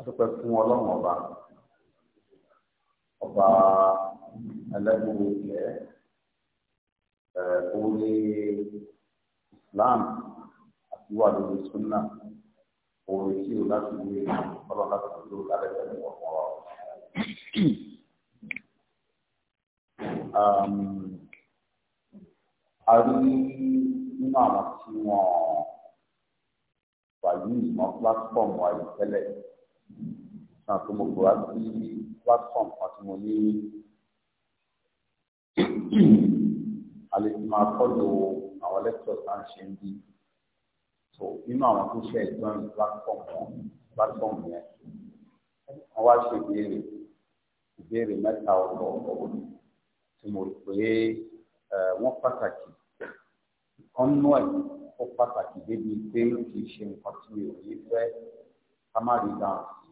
adúpẹ́ fún ọlọ́run ọba ọba ẹlẹ́gbẹ̀rún ilẹ̀ òun ní Islam àti wà lórí sunna òun tí o láti wí ọlọ́run láti wí lórí alẹ́gbẹ̀rún ọ̀pọ̀ wa. a rí nínú àwọn tí wọ́n wà ní ìmọ̀ platform wa yìí tẹ́lẹ̀ yìí náà ah, tó mo kó wá sí platform kan tí mo ní alẹ́ tí máa kọ́lù àwọn lectures tá à ń ṣe ń bí so nínú àwọn tó ṣe join platform wọn platform yẹn wọ́n wá ṣe ìbéèrè ìbéèrè mẹ́ta ọ̀rọ̀ ọ̀rọ̀ tí mo rò pé wọ́n pàtàkì kọ́nú ẹ̀ ó pàtàkì débi pé kì í ṣe nǹkan tí mi ò ní fẹ́ ká má rí dáhùn sí.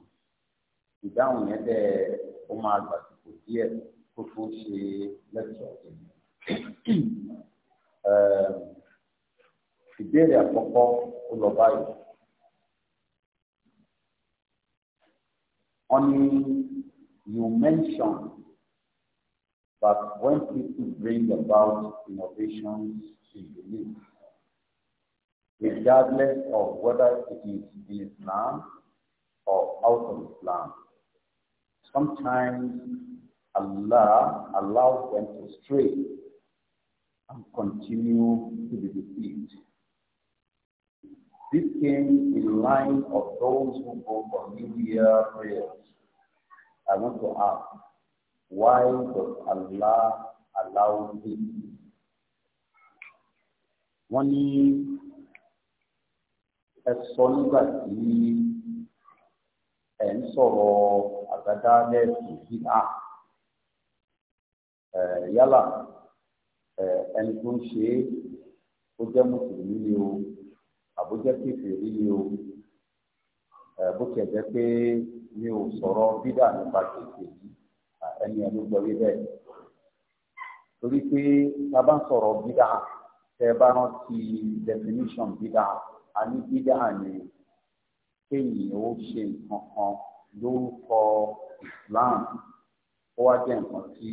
ìdáhùn yẹn dẹ ó máa díẹ̀ kó tó ṣe lẹ́tọ̀ ìbéèrè àkọ́kọ́ ó lọ báyìí. wọ́n ní you mention that when people bring about innovations in belief regardless of whether it is in Islam or out of Islam. Sometimes Allah allows them to stray and continue to be deceived. This came in line of those who go for media prayers. I want to ask, why does Allah allow this? Wọ́n ní ẹ̀sọ́ nígbà tí ẹ̀ ń sọ̀rọ̀ àgádá lẹ́ẹ̀sì bíà yálà ẹni tó ń ṣe é ó jẹ́ mùsùlùmí ni o àbójẹ́ kékeré ni o bó tiẹ̀ jẹ́ pé mi ò sọ̀rọ̀ bídà nípa kékeré ẹni ẹni gbọ́ yé bẹ́ẹ̀ torí pé tá a bá ń sọ̀rọ̀ bídà tẹ́ ẹ bá rántí definition bídà a ní bídà ni kéèyàn ó ṣe nǹkan kan lórúkọ Islam ó wá jẹ́ nǹkan tí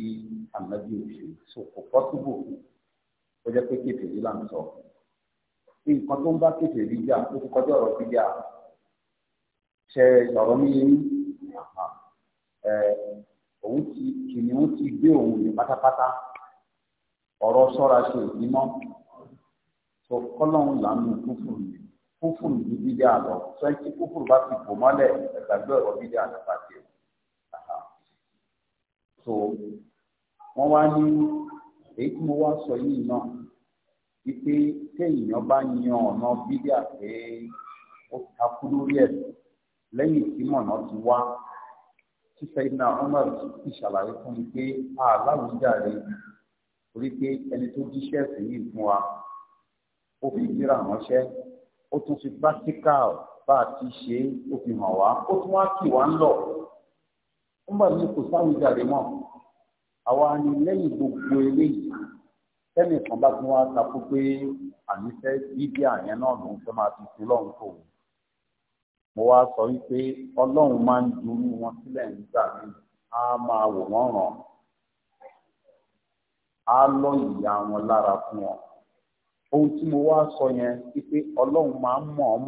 ànábì ò ṣe so kò pọ́sibò ó jẹ́ pé kékeré là ń sọ nǹkan tó ń bá kékeré jà ó ti kọjá ọ̀rọ̀ bíjà ṣe ọ̀rọ̀ mi yẹn òun ti kìnìún ti gbé òun ní pátápátá ọ̀rọ̀ sọ́ra ṣe òbí mọ́ so kọ́lọ́hún là fúnfún mi kúfùrù ní bídíà lọ sọ ẹ́ tí kúfùrù bá ti bò mọ́lẹ̀ ẹ̀gbàgbé ọ̀rọ̀ bídíà lọ pàṣẹ. so wọ́n wá ní èyí tí mo wá sọ yìí náà wípé téèyàn bá yan ọ̀nà bídíà pé ó takú lórí ẹ̀ lẹ́yìn tí mọ̀nà ti wá sísẹ́ iná Umar ti ṣàlàyé fún mi pé aláwùjáre orí pé ẹni tó jíṣẹ́ sí yìí fún wa ó fi jíra ránṣẹ́ ó tún fi practical bá a ti ṣe ó fi hàn wá ó tún wá kì wá ń lọ ń bà mí kò sáwùjáde mọ́ àwa ni lẹ́yìn gbogbo eléyìí tẹ́nìkan bá tún wá takú pé àníṣe bíbí àyẹn náà lòún fẹ́ máa fi sí lọ́run tó mo wá sọ wípé ọlọ́run máa ń dùnú wọn sílẹ̀ nígbà míì á máa wò wọ́n ràn á lọ ìyá wọn lára fún wọn ohun tí mo wá sọ yẹn wípé ọlọ́run máa ń mọ̀ ọ́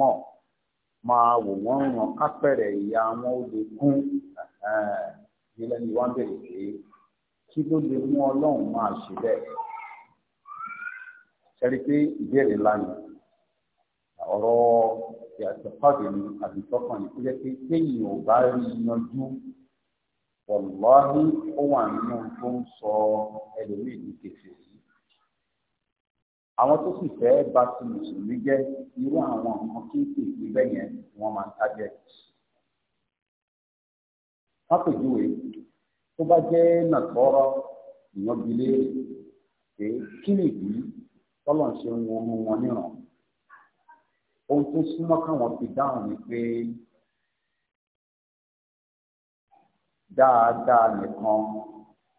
máa wò wọ́n ràn kápẹ̀rẹ̀ ìyá wọn ó lè gún nílẹ̀ ni wọ́n bèrè pé kí ló lè mú ọlọ́run máa ṣe bẹ́ẹ̀ ṣẹ́rí pé ìbéèrè lánàá ọ̀rọ̀ ìyàtọ̀kọ́dé ni àbítọ́kàn ni kó jẹ́ pé téèyàn ò bá rí yanjú wọ̀lọ́ọ̀hí ó wà nínú tó ń sọ ẹlòmíì ní kèfèé àwọn tó sì fẹ́ bá ti mùsùlùmí jẹ́ irú àwọn nǹkan kéékèèké bẹ́ẹ̀ yẹn wọ́n máa ń tajẹ́. pápẹ̀júwe tó bá jẹ́ nàtọ́rọ́ ìyanbilé pé kí nìdí tọ́lọ̀ ṣe ń wọnú wọn níran ohun tó súnmọ́ káwọn fi dáhùn ni pé dáadáa nìkan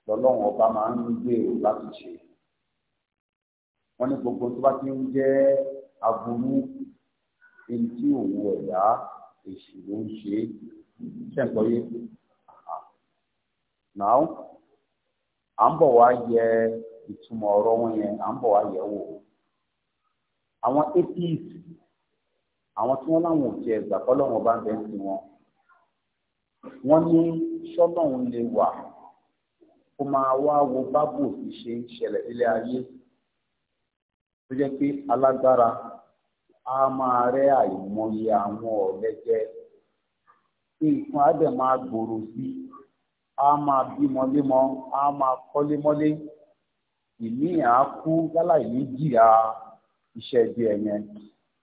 lọ́lọ́run ọba máa ń gbèrò láti ṣe wọ́n ní gbogbo tó bá ti ń jẹ́ aburú èyí tí òwò ẹ̀dá èṣù ló ń ṣe ṣẹ̀ǹkọ́yé náà à ń bọ̀ wá yẹ ìtumọ̀ ọ̀rọ̀ wọn yẹn à ń bọ̀ wá yẹ wò àwọn atheist àwọn tí wọ́n láwọn ò tiẹ̀ gbà kọ́lọ́wọ́n bá ń bẹ́ẹ̀ sí wọn wọ́n ní sọ́lọ́hún lè wà kó máa wá wo bábù òfin ṣe ń ṣẹlẹ̀ nílé ayé tó jẹ́ pé alágbára á máa rẹ́ àìmọye àwọn ọ̀lẹ jẹ nǹkan á máa gbòòrò sí á máa bímọ lémọ á máa kọ́lé mọ́lé àá kú yálà iṣẹ́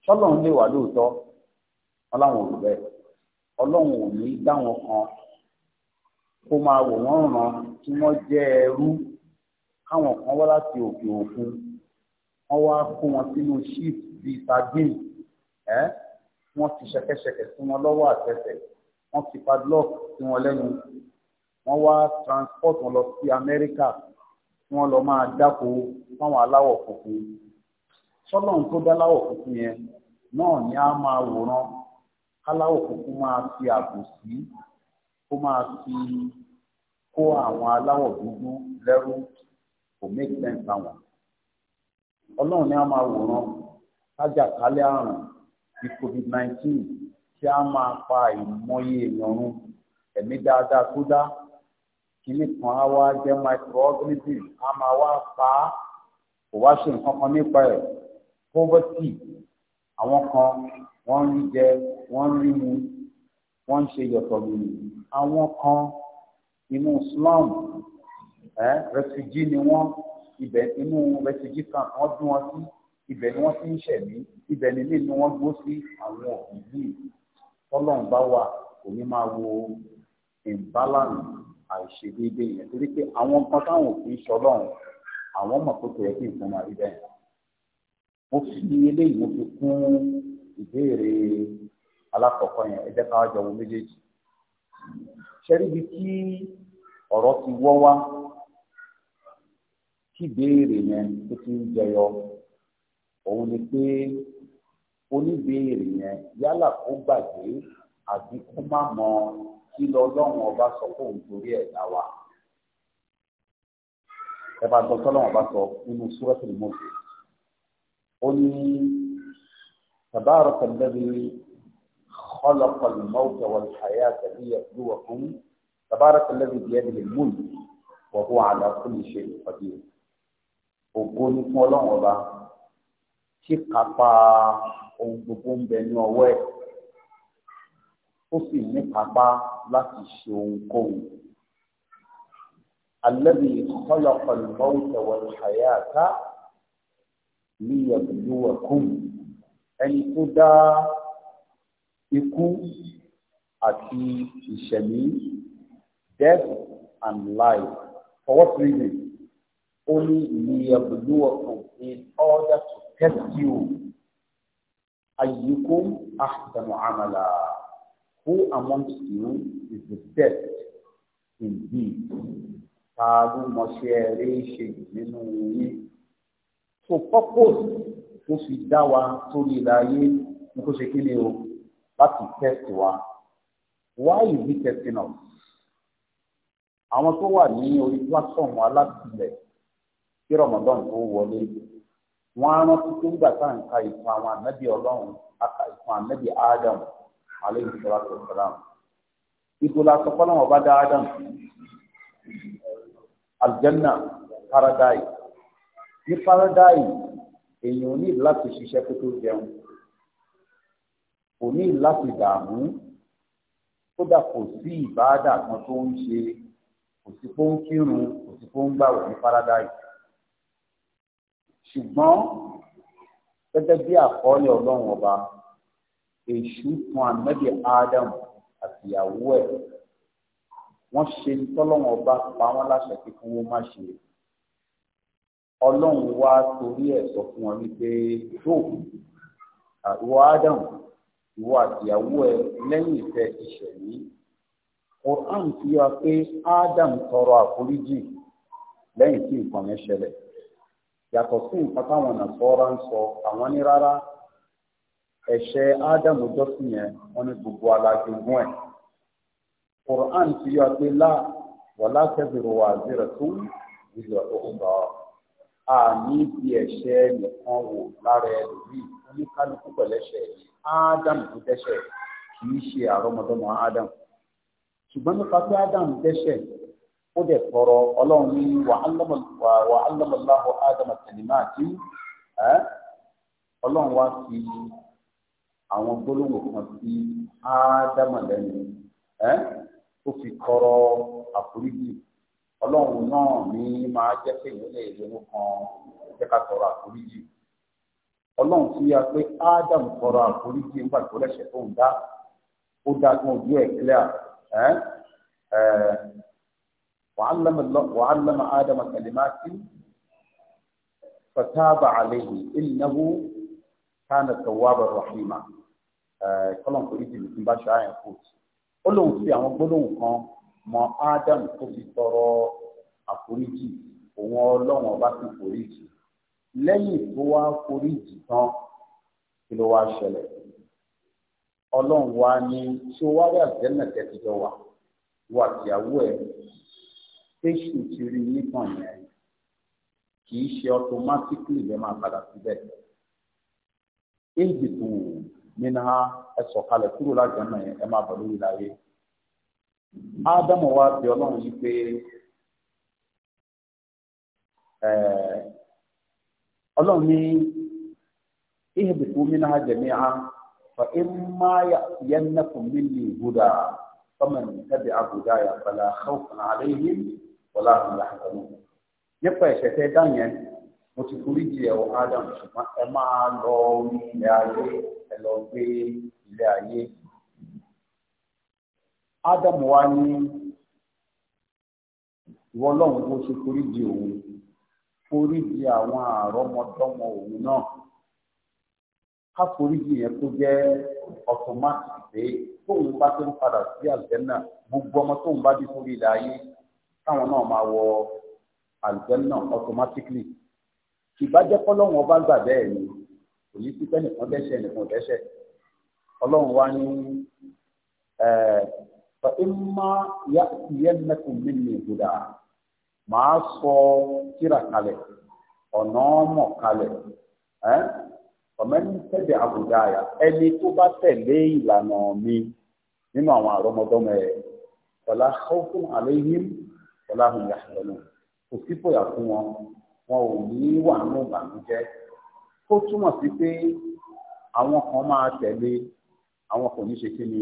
ṣọ́lọ́run lè wà lóòótọ́ wọ́n wá kó wọn sínú sheet bíi sardin ẹ́ wọ́n fi ṣẹ̀kẹ̀ṣẹ̀kẹ̀ sí wọn lọ́wọ́ àtẹsẹ̀ wọ́n fi padlock sí wọn lẹ́nu wọ́n wá transport wọn lọ sí Amẹ́ríkà tí wọ́n lọ máa dáko fáwọn aláwọ̀ funfun sọ́lọ́run tó dá láwọ̀ funfun yẹn náà ni a máa wòran káláwọ̀ funfun máa fi àbòsí kó máa fi kó àwọn aláwọ̀ dúdú lẹ́rú kò make sense àwọn ọlọ́run ni a máa wòran kájà kálẹ̀ àrùn bí covid nineteen tí a máa pa ìmọye èèyàn run ẹ̀mí dáadáa tó dá kìíní kan á wá jẹ́ microorganism a máa wá pa á kò wá ṣe nǹkan kan nípa ẹ̀ poverty àwọn kan wọ́n ń rí jẹ wọ́n ń rí mu wọ́n ń ṣe yọ̀tọ̀ lòlù àwọn kan inú slum ẹ̀ refugee ni wọ́n ibẹ̀ inú rẹsíjì kan wọ́n bí wọn sí ibẹ̀ ni wọ́n ti ń ṣẹ̀mí ibẹ̀ ni ilé ni wọ́n gbó sí àwọn òbí yìí tọ́lọ́run bá wà kò ní máa wo ìbálànà àìṣedéédéé yẹn torí pé àwọn kan táwọn òbí ṣọlọ́run àwọn mọ̀ pé kò yẹ kí nǹkan máa rí bẹ́ẹ̀ mo fi eléyìí mo fi kún ìbéèrè alákọ̀ọ́kọ́ yẹn ẹ ká jọ wo méjèèjì ṣẹ́ríbi tí ọ̀rọ̀ ti wọ́ wá kí ìbéèrè yẹn tó ti ń jẹyọ òun ni pé oníbéèrè yẹn yálà kó gbàgbé àbí kó má mọ kí lọ́lọ́run ọba sọ pé òun torí ẹ̀ dá wa. ẹ bá gbọ́ tọ́lọ́run ọba sọ nínú súrẹ́tìlì mọ́tò ó ní tabaraka alladhi khalaqa al-mawta wal-hayata liyabluwakum tabaraka alladhi biyadihi al-mulk wa huwa ala kulli shay'in qadir ògo ni fún ọlọ́run ọba tí kápá ohun gbogbo ń bẹ ní ọwọ́ ẹ̀ ó sì ní kápá láti ṣe ohunkóhun. الذي خلق الموت والحياة ليبلوكم ẹni tó dá ikú àti ìṣẹ̀mí death and life for what reason? only liyabluwakum in order to test you ayyukum ahsanu amala who amongst you is the best in deed taalu mọṣẹrẹ ṣe nínú yín so purpose to fi dá wa sórí ìlàyé ní kó ṣe kí ni o láti test wa why is he testing us àwọn tó wà ní orí platform alábìlẹ̀ kí rọmọdán tó wọlé wọn á rántí tó ń gbà tá à àwọn Ọlọ́run Adam aleyhi salatu wa ìgbòlá wọn bá dá Adam aljanna paradise ní paradise èèyàn ò ní láti ṣiṣẹ́ kó tó jẹun kò ní láti dààmú kódà kò sí ìbáàdà kan tó ń kò sí ṣùgbọ́n gẹ́gẹ́ bí àkọọ́lẹ̀ ọlọ́run ọba èṣù fún anabi adam àtìyàwó ẹ̀ wọ́n ṣe tọ́lọ́run ọba pa wọ́n láṣẹ pé kí wọ́n má ṣe ọlọ́run wá torí ẹ̀ sọ fún wọn wípé tó ìwọ adam ìwọ àtìyàwó ẹ̀ lẹ́yìn ìfẹ́ ìṣẹ̀lẹ̀ Quran fi hàn pé adam tọrọ àforíjì lẹ́yìn tí nǹkan yẹn ṣẹlẹ̀. yàtọ̀ sí nǹkan táwọn ń sọ àwọn ní rárá ẹ̀ṣẹ́ ádámù jọ́sìn yẹn wọ́n gbogbo alájogún ẹ̀ quran ti yọ pé lá wàlá tẹ́bìrì wà zero two zero ọ̀gbà a ní bí ẹ̀ṣẹ̀ nìkan wò lára oníkálukú ádámù tó dẹ́ṣẹ̀ kì í ṣe àrọ́mọdọ́mọ ádámù ṣùgbọ́n nípa pé ádámù dẹ́ṣẹ̀ ó dẹ̀ tọrọ ọlọ́run ní wà á lọ́mọláhùn ádámà tẹ̀límà àti ọlọ́run wá fi àwọn gbólóhùn kan sí ádámà lẹ́nu ó fi kọrọ àforíjì ọlọ́run náà ní máa jẹ́ pé ìwé lè ronú kan jẹ́ ká àforíjì ọlọ́run fi ya pé ádámù tọrọ àforíjì lẹ́sẹ̀ tó ń dá ó dá tó ń ẹ̀ وعلم الله وعلم آدم كلمات فتاب عليه إنه كان توابا رحيما kọlọ́n kò ìdìbò tí n bá ṣáà yẹn kóòtù ó lóun fi àwọn gbólóhùn kan mọ Adam tó fi tọrọ àforíjì òun Ọlọ́run ọba sì foríjì lẹ́yìn tó wá foríjì tán kí ló wá ṣẹlẹ̀ Ọlọ́run wá ní tí ó wá rí àjẹ́nà tẹ́tí jọ wà wà tìyàwó ẹ̀ tẹsán ti rí nígbọn yẹn kì í ṣe ọtọmátíkì lè máa padà síbẹ̀ éèdì tó nínú ẹ sọ̀kalẹ̀ kúrò lájọ náà ẹ máa bọ̀ lórí láyé ádámù wa bí ọlọ́run yìí pé ọlọ́run ní éèdì tó nínú jẹ̀míà fa imma ya'tiyannakum minni huda faman tabi'a hudaya fala khawfun 'alayhim. wọlá ìyá àtọ̀nù. nípa ẹ̀ṣẹ̀ tẹ dá yẹn mo ti forí Adam ṣùgbọ́n ẹ máa lọ orí ilẹ̀ ayé ẹ lọ gbé ilẹ̀ ayé. Adam wa ní ìwọ ọlọrun bó ṣe forí jì òun forí jì àwọn àrọ́mọdọ́mọ òun náà ká forí yẹn kó pé tóun bá ń káwọn náà máa wọ àlùjànnà automatically ìbájẹ́ kọ́lọ́hún ọba gbà bẹ́ẹ̀ ni kò ní sí pẹ́nìkan dẹ́ṣẹ̀ nìkan dẹ́ṣẹ̀ ọlọ́run wá ní fàímà yẹ́nẹ́kùn mi ní ìbúdà màá sọ kíra kalẹ̀ ọ̀nà ọmọ kalẹ̀ ọ̀mẹ́ni tẹ̀lé àbùdá yà ẹni tó bá tẹ̀lé ìlànà mi nínú àwọn àrọ́mọdọ́mọ ẹ̀ ọ̀la ṣọ́kùn àléhìn ọláhùn yàtọ̀lù kò sí fòyà fún wọn wọn ò ní wà nínú ìbànújẹ́ ó túmọ̀ sí pé àwọn kan máa tẹ̀lé àwọn kò ní ṣe kí ni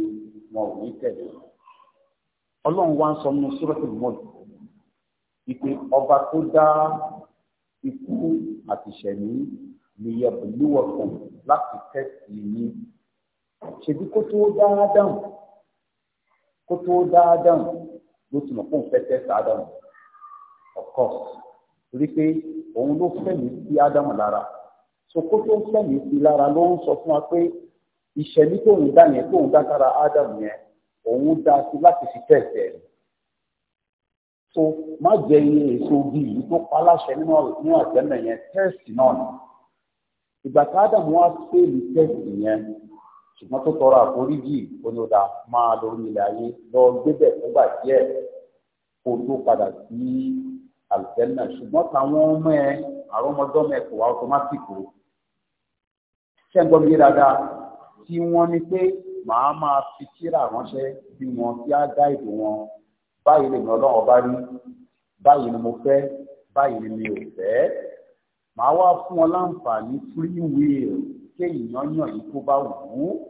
wọn ò ní tẹ̀lé ọlọ́run wá ń sọ nínú sọ́rọ́tì mọ́ọ̀lù ìpè ọba tó dá ikú àtìṣẹ̀mí ni yẹ̀bùlúwọ̀kùn láti tẹ̀sí yín ṣèbí kó tó dáa kó tó dáa ló ti mọ̀ fún fẹ́tẹ́ sí ádámù of course torí pé òun ló fẹ̀mí sí ádámù lára sokó tó ń fẹ̀mí sí lára ló ń sọ fún wa pé ìṣẹ̀lí tó ń dá yẹn tó ń dá sára ádámù yẹn òun dá sí láti fi tẹ̀sẹ̀ rẹ̀ so má jẹ iye èso ogi yìí tó pa láṣẹ nínú àtẹnà yẹn tẹ́ẹ̀sì náà ìgbà tá ádámù wá sí èlì tẹ́ẹ̀sì yẹn ṣùgbọ́n tó tọrọ àforíjì onídàá máa lórí ilẹ̀ ayé lọ gbébẹ̀ fúgbà díẹ̀ kó tó padà sí àlùjẹ́nà ṣùgbọ́n táwọn ọmọ ẹ àrọ́mọdọ́mọ ẹ kò wá ọtọmátìkò ṣẹ́gbọ́n mi dáadáa tí wọ́n ní pé màá máa fi kíra ránṣẹ́ bí wọn kí á dá wọn báyìí lèmi ọlọ́run bá rí báyìí ni mo fẹ́ báyìí ni mi ò fẹ́ màá wá fún ọ láǹfààní free will kéèyàn yàn yìí tó bá wù ú.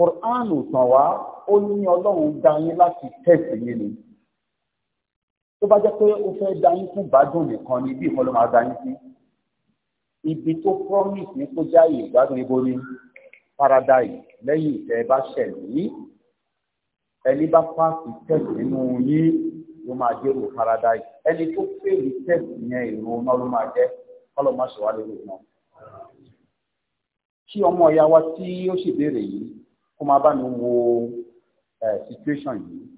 Kùránù tàn wá ó ní ọlọ́run dá yín láti tẹ̀sí yín ni tó bá jẹ́ pé ó fẹ́ dá yín fún gbádùn nìkan ni bí ìkọlọ́ máa dá yín sí ibi tó promise ní kó jáyè ìgbádùn ibo ni paradise lẹ́yìn ìtẹ́ bá ṣẹ̀ yìí ẹni bá pàṣẹ tẹ̀sí nínú yín ló máa dérò paradise ẹni tó fèrè tẹ̀sí yẹn ìrún náà ló máa jẹ́ kọ́lọ́ máa ṣọ̀wá lórí ìrún náà kí ọmọ ìyá wa tí ó ṣèbéèrè yìí kó máa bá mi wo situation yìí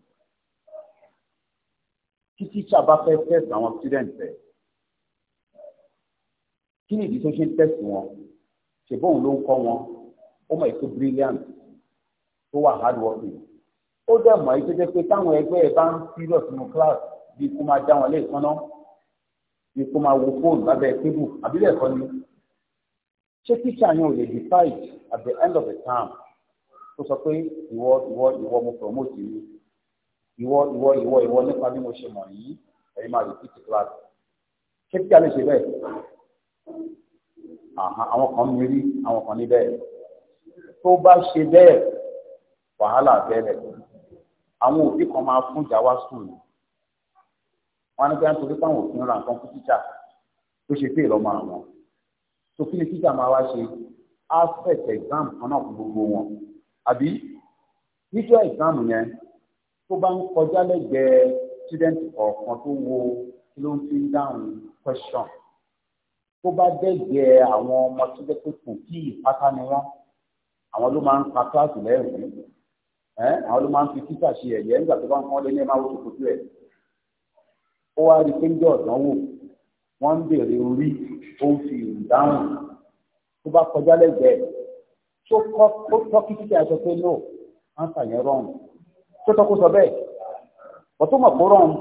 kí tíṣà bá fẹ́ test àwọn students rẹ̀ kí ni ìdí tó ṣe ń test wọn ṣèbóun ló ń kọ́ wọn ó mọ̀ èso brilliant tó wà hard working ó dẹ̀ mọ̀ èyí jẹ́ pé táwọn ẹgbẹ́ ẹ bá ń serious nínú class bí kó máa dá wọn lẹ́ẹ̀kan náà bí kó máa wo fóònù lábẹ́ tébù àbílẹ̀ ẹ̀kọ́ ni ṣé tíṣà yẹn ò lè decide at the end of the term kó sọ pé ìwọ ìwọ ìwọ mo promote mi ìwọ ìwọ ìwọ ìwọ nípa bí mo ṣe mọ̀ yìí ẹ̀yin máa repeat class ṣé kí a lè ṣe bẹ́ẹ̀ àwọn kan mi rí àwọn kan ní bẹ́ẹ̀ tó bá ṣe bẹ́ẹ̀ wàhálà bẹ́ẹ̀ àwọn òbí kan máa fún ìjà wá sùn wọn ní bẹ́ẹ̀ nítorí táwọn òfin ra nǹkan fún tíjà tó ṣe pé ìlọ́mọ àwọn tó kí ni tíjà máa wá ṣe á fẹ̀tẹ̀ exam kan náà fún gbogbo wọn àbí níjọ́ exam yẹn tó bá ń kọjá lẹ́gbẹ̀ẹ́ student kọ̀ọ̀kan tó wo kí ló ń fi ń dáhùn question tó bá dẹ́gbẹ̀ẹ́ àwọn ọmọ tó jẹ́ pé kò kí ìpátá ni wọ́n àwọn ló máa ń pa kíláàsì lẹ́rìn àwọn ló máa ń fi títà ṣe ẹ̀yẹ nígbà tó bá ń kọ́ lé ní ẹ̀ máa wọ́n tó ẹ̀ ó wá rí péńjọ ọ̀dánwò wọ́n ń béèrè orí ó ń fi ìrù tó bá kọjá lẹ́gbẹ̀ẹ́ tó kọ́ tó tọ́ kí títí àṣọ pé no ánsà yẹn rọrùn tó tọ́ kó sọ bẹ́ẹ̀ ọ̀tún mọ̀ kó rọrùn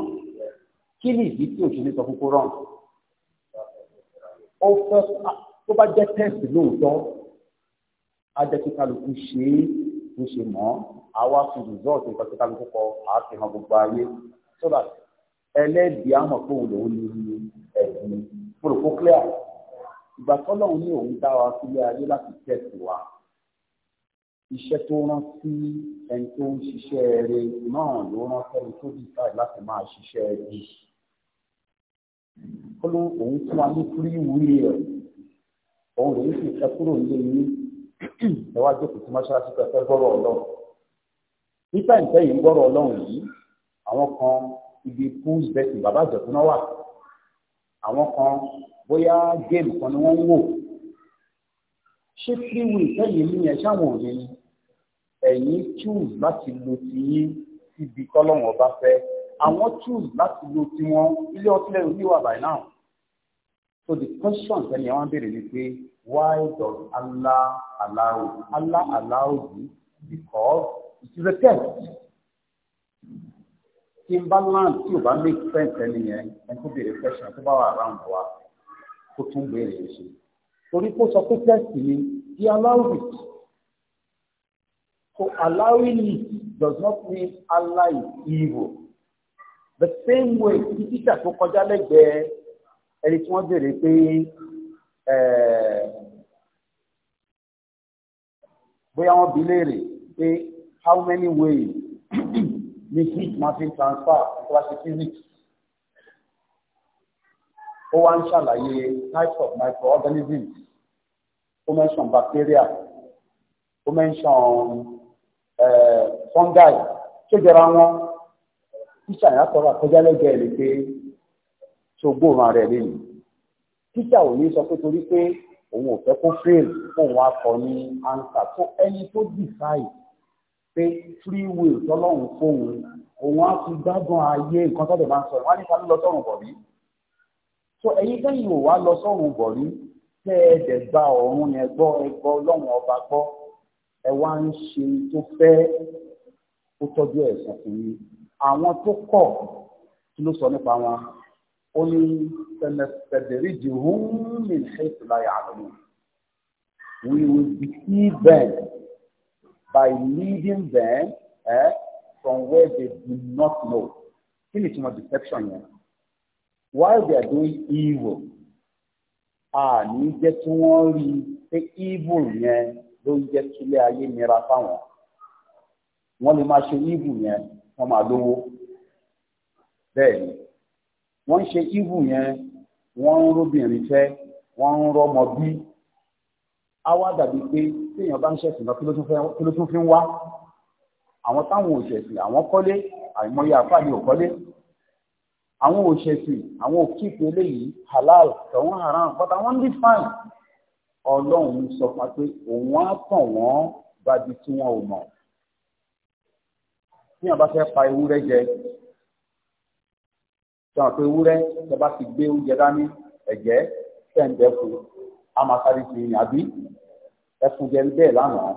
kí ni ìdí tí òṣèlú sọ fún kó rọrùn ó fẹ́ tó bá jẹ́ tẹ́sì lóòótọ́ á jẹ́ kí kálukú ṣe é ló ṣe mọ́ àwa fi rìsọ́ọ̀tì nǹkan tí kálukú kọ àáfihàn gbogbo ayé so that ẹlẹ́dìí àmọ̀ pé òun lòún ní ẹ̀dùn pòròpó clear ìgbà tọ́lọ́run ní òun dá wa sílé ayé láti tẹ̀sí wa iṣẹ́ tó rán sí ẹni tó ń ṣiṣẹ́ rẹ náà ló rán sẹ́ni tó dì káì láti máa ṣiṣẹ́ rẹ. ó ló òun fún wa ní free will òun rèé sì fẹ́ kúrò nílé yín ẹ wá jókòó sí mọ́ṣáláṣí pẹ̀fẹ́ gbọ́rọ̀ ọlọ́run. nípa ìfẹ́ yìí gbọ́rọ̀ ọlọ́run yìí àwọn kan ibi pools betting bàbá àjẹ̀kú náà wà àwọn kan bóyá géèmù kan ni wọ́n ń wò ṣé free will fẹ́ yìí ní ẹ̀ ṣáwọn òye ni ẹ̀yin choose láti lo ti yín síbi tọ́lọ́wọ́n bá fẹ́ àwọn choose láti lo tiwọn ilé ọtí lẹ́nu ní wà by now so the question ẹni àwọn béèrè ni pé why does Allah allow Allah allow you because it is a test tí n bá land tí o bá make sense ẹni yẹn ẹni tó béèrè question tó bá wà around wa kó tún béèrè ṣe torí kó sọ pé test ni he allow it. So allowing it does not mean Allah is evil. The same way tí títà tó kọjá lẹ́gbẹ̀ẹ́ ẹni tí wọ́n béèrè pé eh, bóyá wọ́n bi léèrè pé how many ways ni heat máa fi transfer classic physics ó wá ń ṣàlàyé types of microorganisms ó mẹ́sàn bacteria ó mẹ́sàn. Eh, fungi tó jẹra wọn tíṣà yà sọ̀rọ̀ àkọjálẹ́jẹ́ rẹ̀ pé tó gbóòrùn ara rẹ̀ lẹ́nu tíṣà ò ní sọ pé torí pé òun ò fẹ́ kó fail fóun wá kọ ní ansa tó ẹni tó decide pé free will tọ́lọ́run fóun òun á fi gbádùn ayé nǹkan tó lè máa ń sọ wọn á nípa lílọ sọ́run bọ̀ rí so ẹ̀yin kẹ́yìn ò wá lọ sọ́run bọ̀ rí tẹ́ ẹ dẹ̀ gba ọ̀run yẹn gbọ́ ẹ gbọ́ ọlọ́run ọba gbọ́ ẹ wá ń ṣe tó fẹ́ ó tọ́jú ẹ̀sìn fún yín àwọn tó kọ̀ kí ló sọ nípa wọn ó ní tẹ̀lẹ̀tẹ̀lẹ̀ríjì húnmí ṣètìláyà àlọ́mù we will deceive them by leading them eh, from where they do not know kí ni ìtumọ̀ deception yẹn while they are doing evil a ní jẹ́ kí wọ́n rí i pé evil yẹn. Yeah ló ń jẹ́ kílẹ̀ ayé nira fáwọn wọ́n lè máa ṣe ibù yẹn wọ́n máa lówó bẹ́ẹ̀ ni wọ́n ń ṣe ibù yẹn wọ́n ń róbìnrin fẹ́ wọ́n ń rọ́mọ bí àwa dàbí pé téèyàn bá ń ṣẹ̀sìn lọ kí ló tún fi ń wá àwọn táwọn òṣèṣì àwọn kọ́lé àìmọye àfáàní òkọ́lé àwọn òṣèṣì àwọn òkìkì eléyìí halal tọ̀hún haram but àwọn ń bí fine ọlọ́run sọ fún wa pé òun á tàn wọ́n bábi tí wọ́n ò mọ̀. Bí wọ́n bá fẹ́ pa ewúrẹ́ jẹ, sọ pé ewúrẹ́ tẹ bá ti gbé oúnjẹ dání ẹ̀jẹ̀ tẹ̀ǹdẹ̀ fún a máa sáré fi yìn àbí ẹfun jẹ bẹ́ẹ̀ lánàá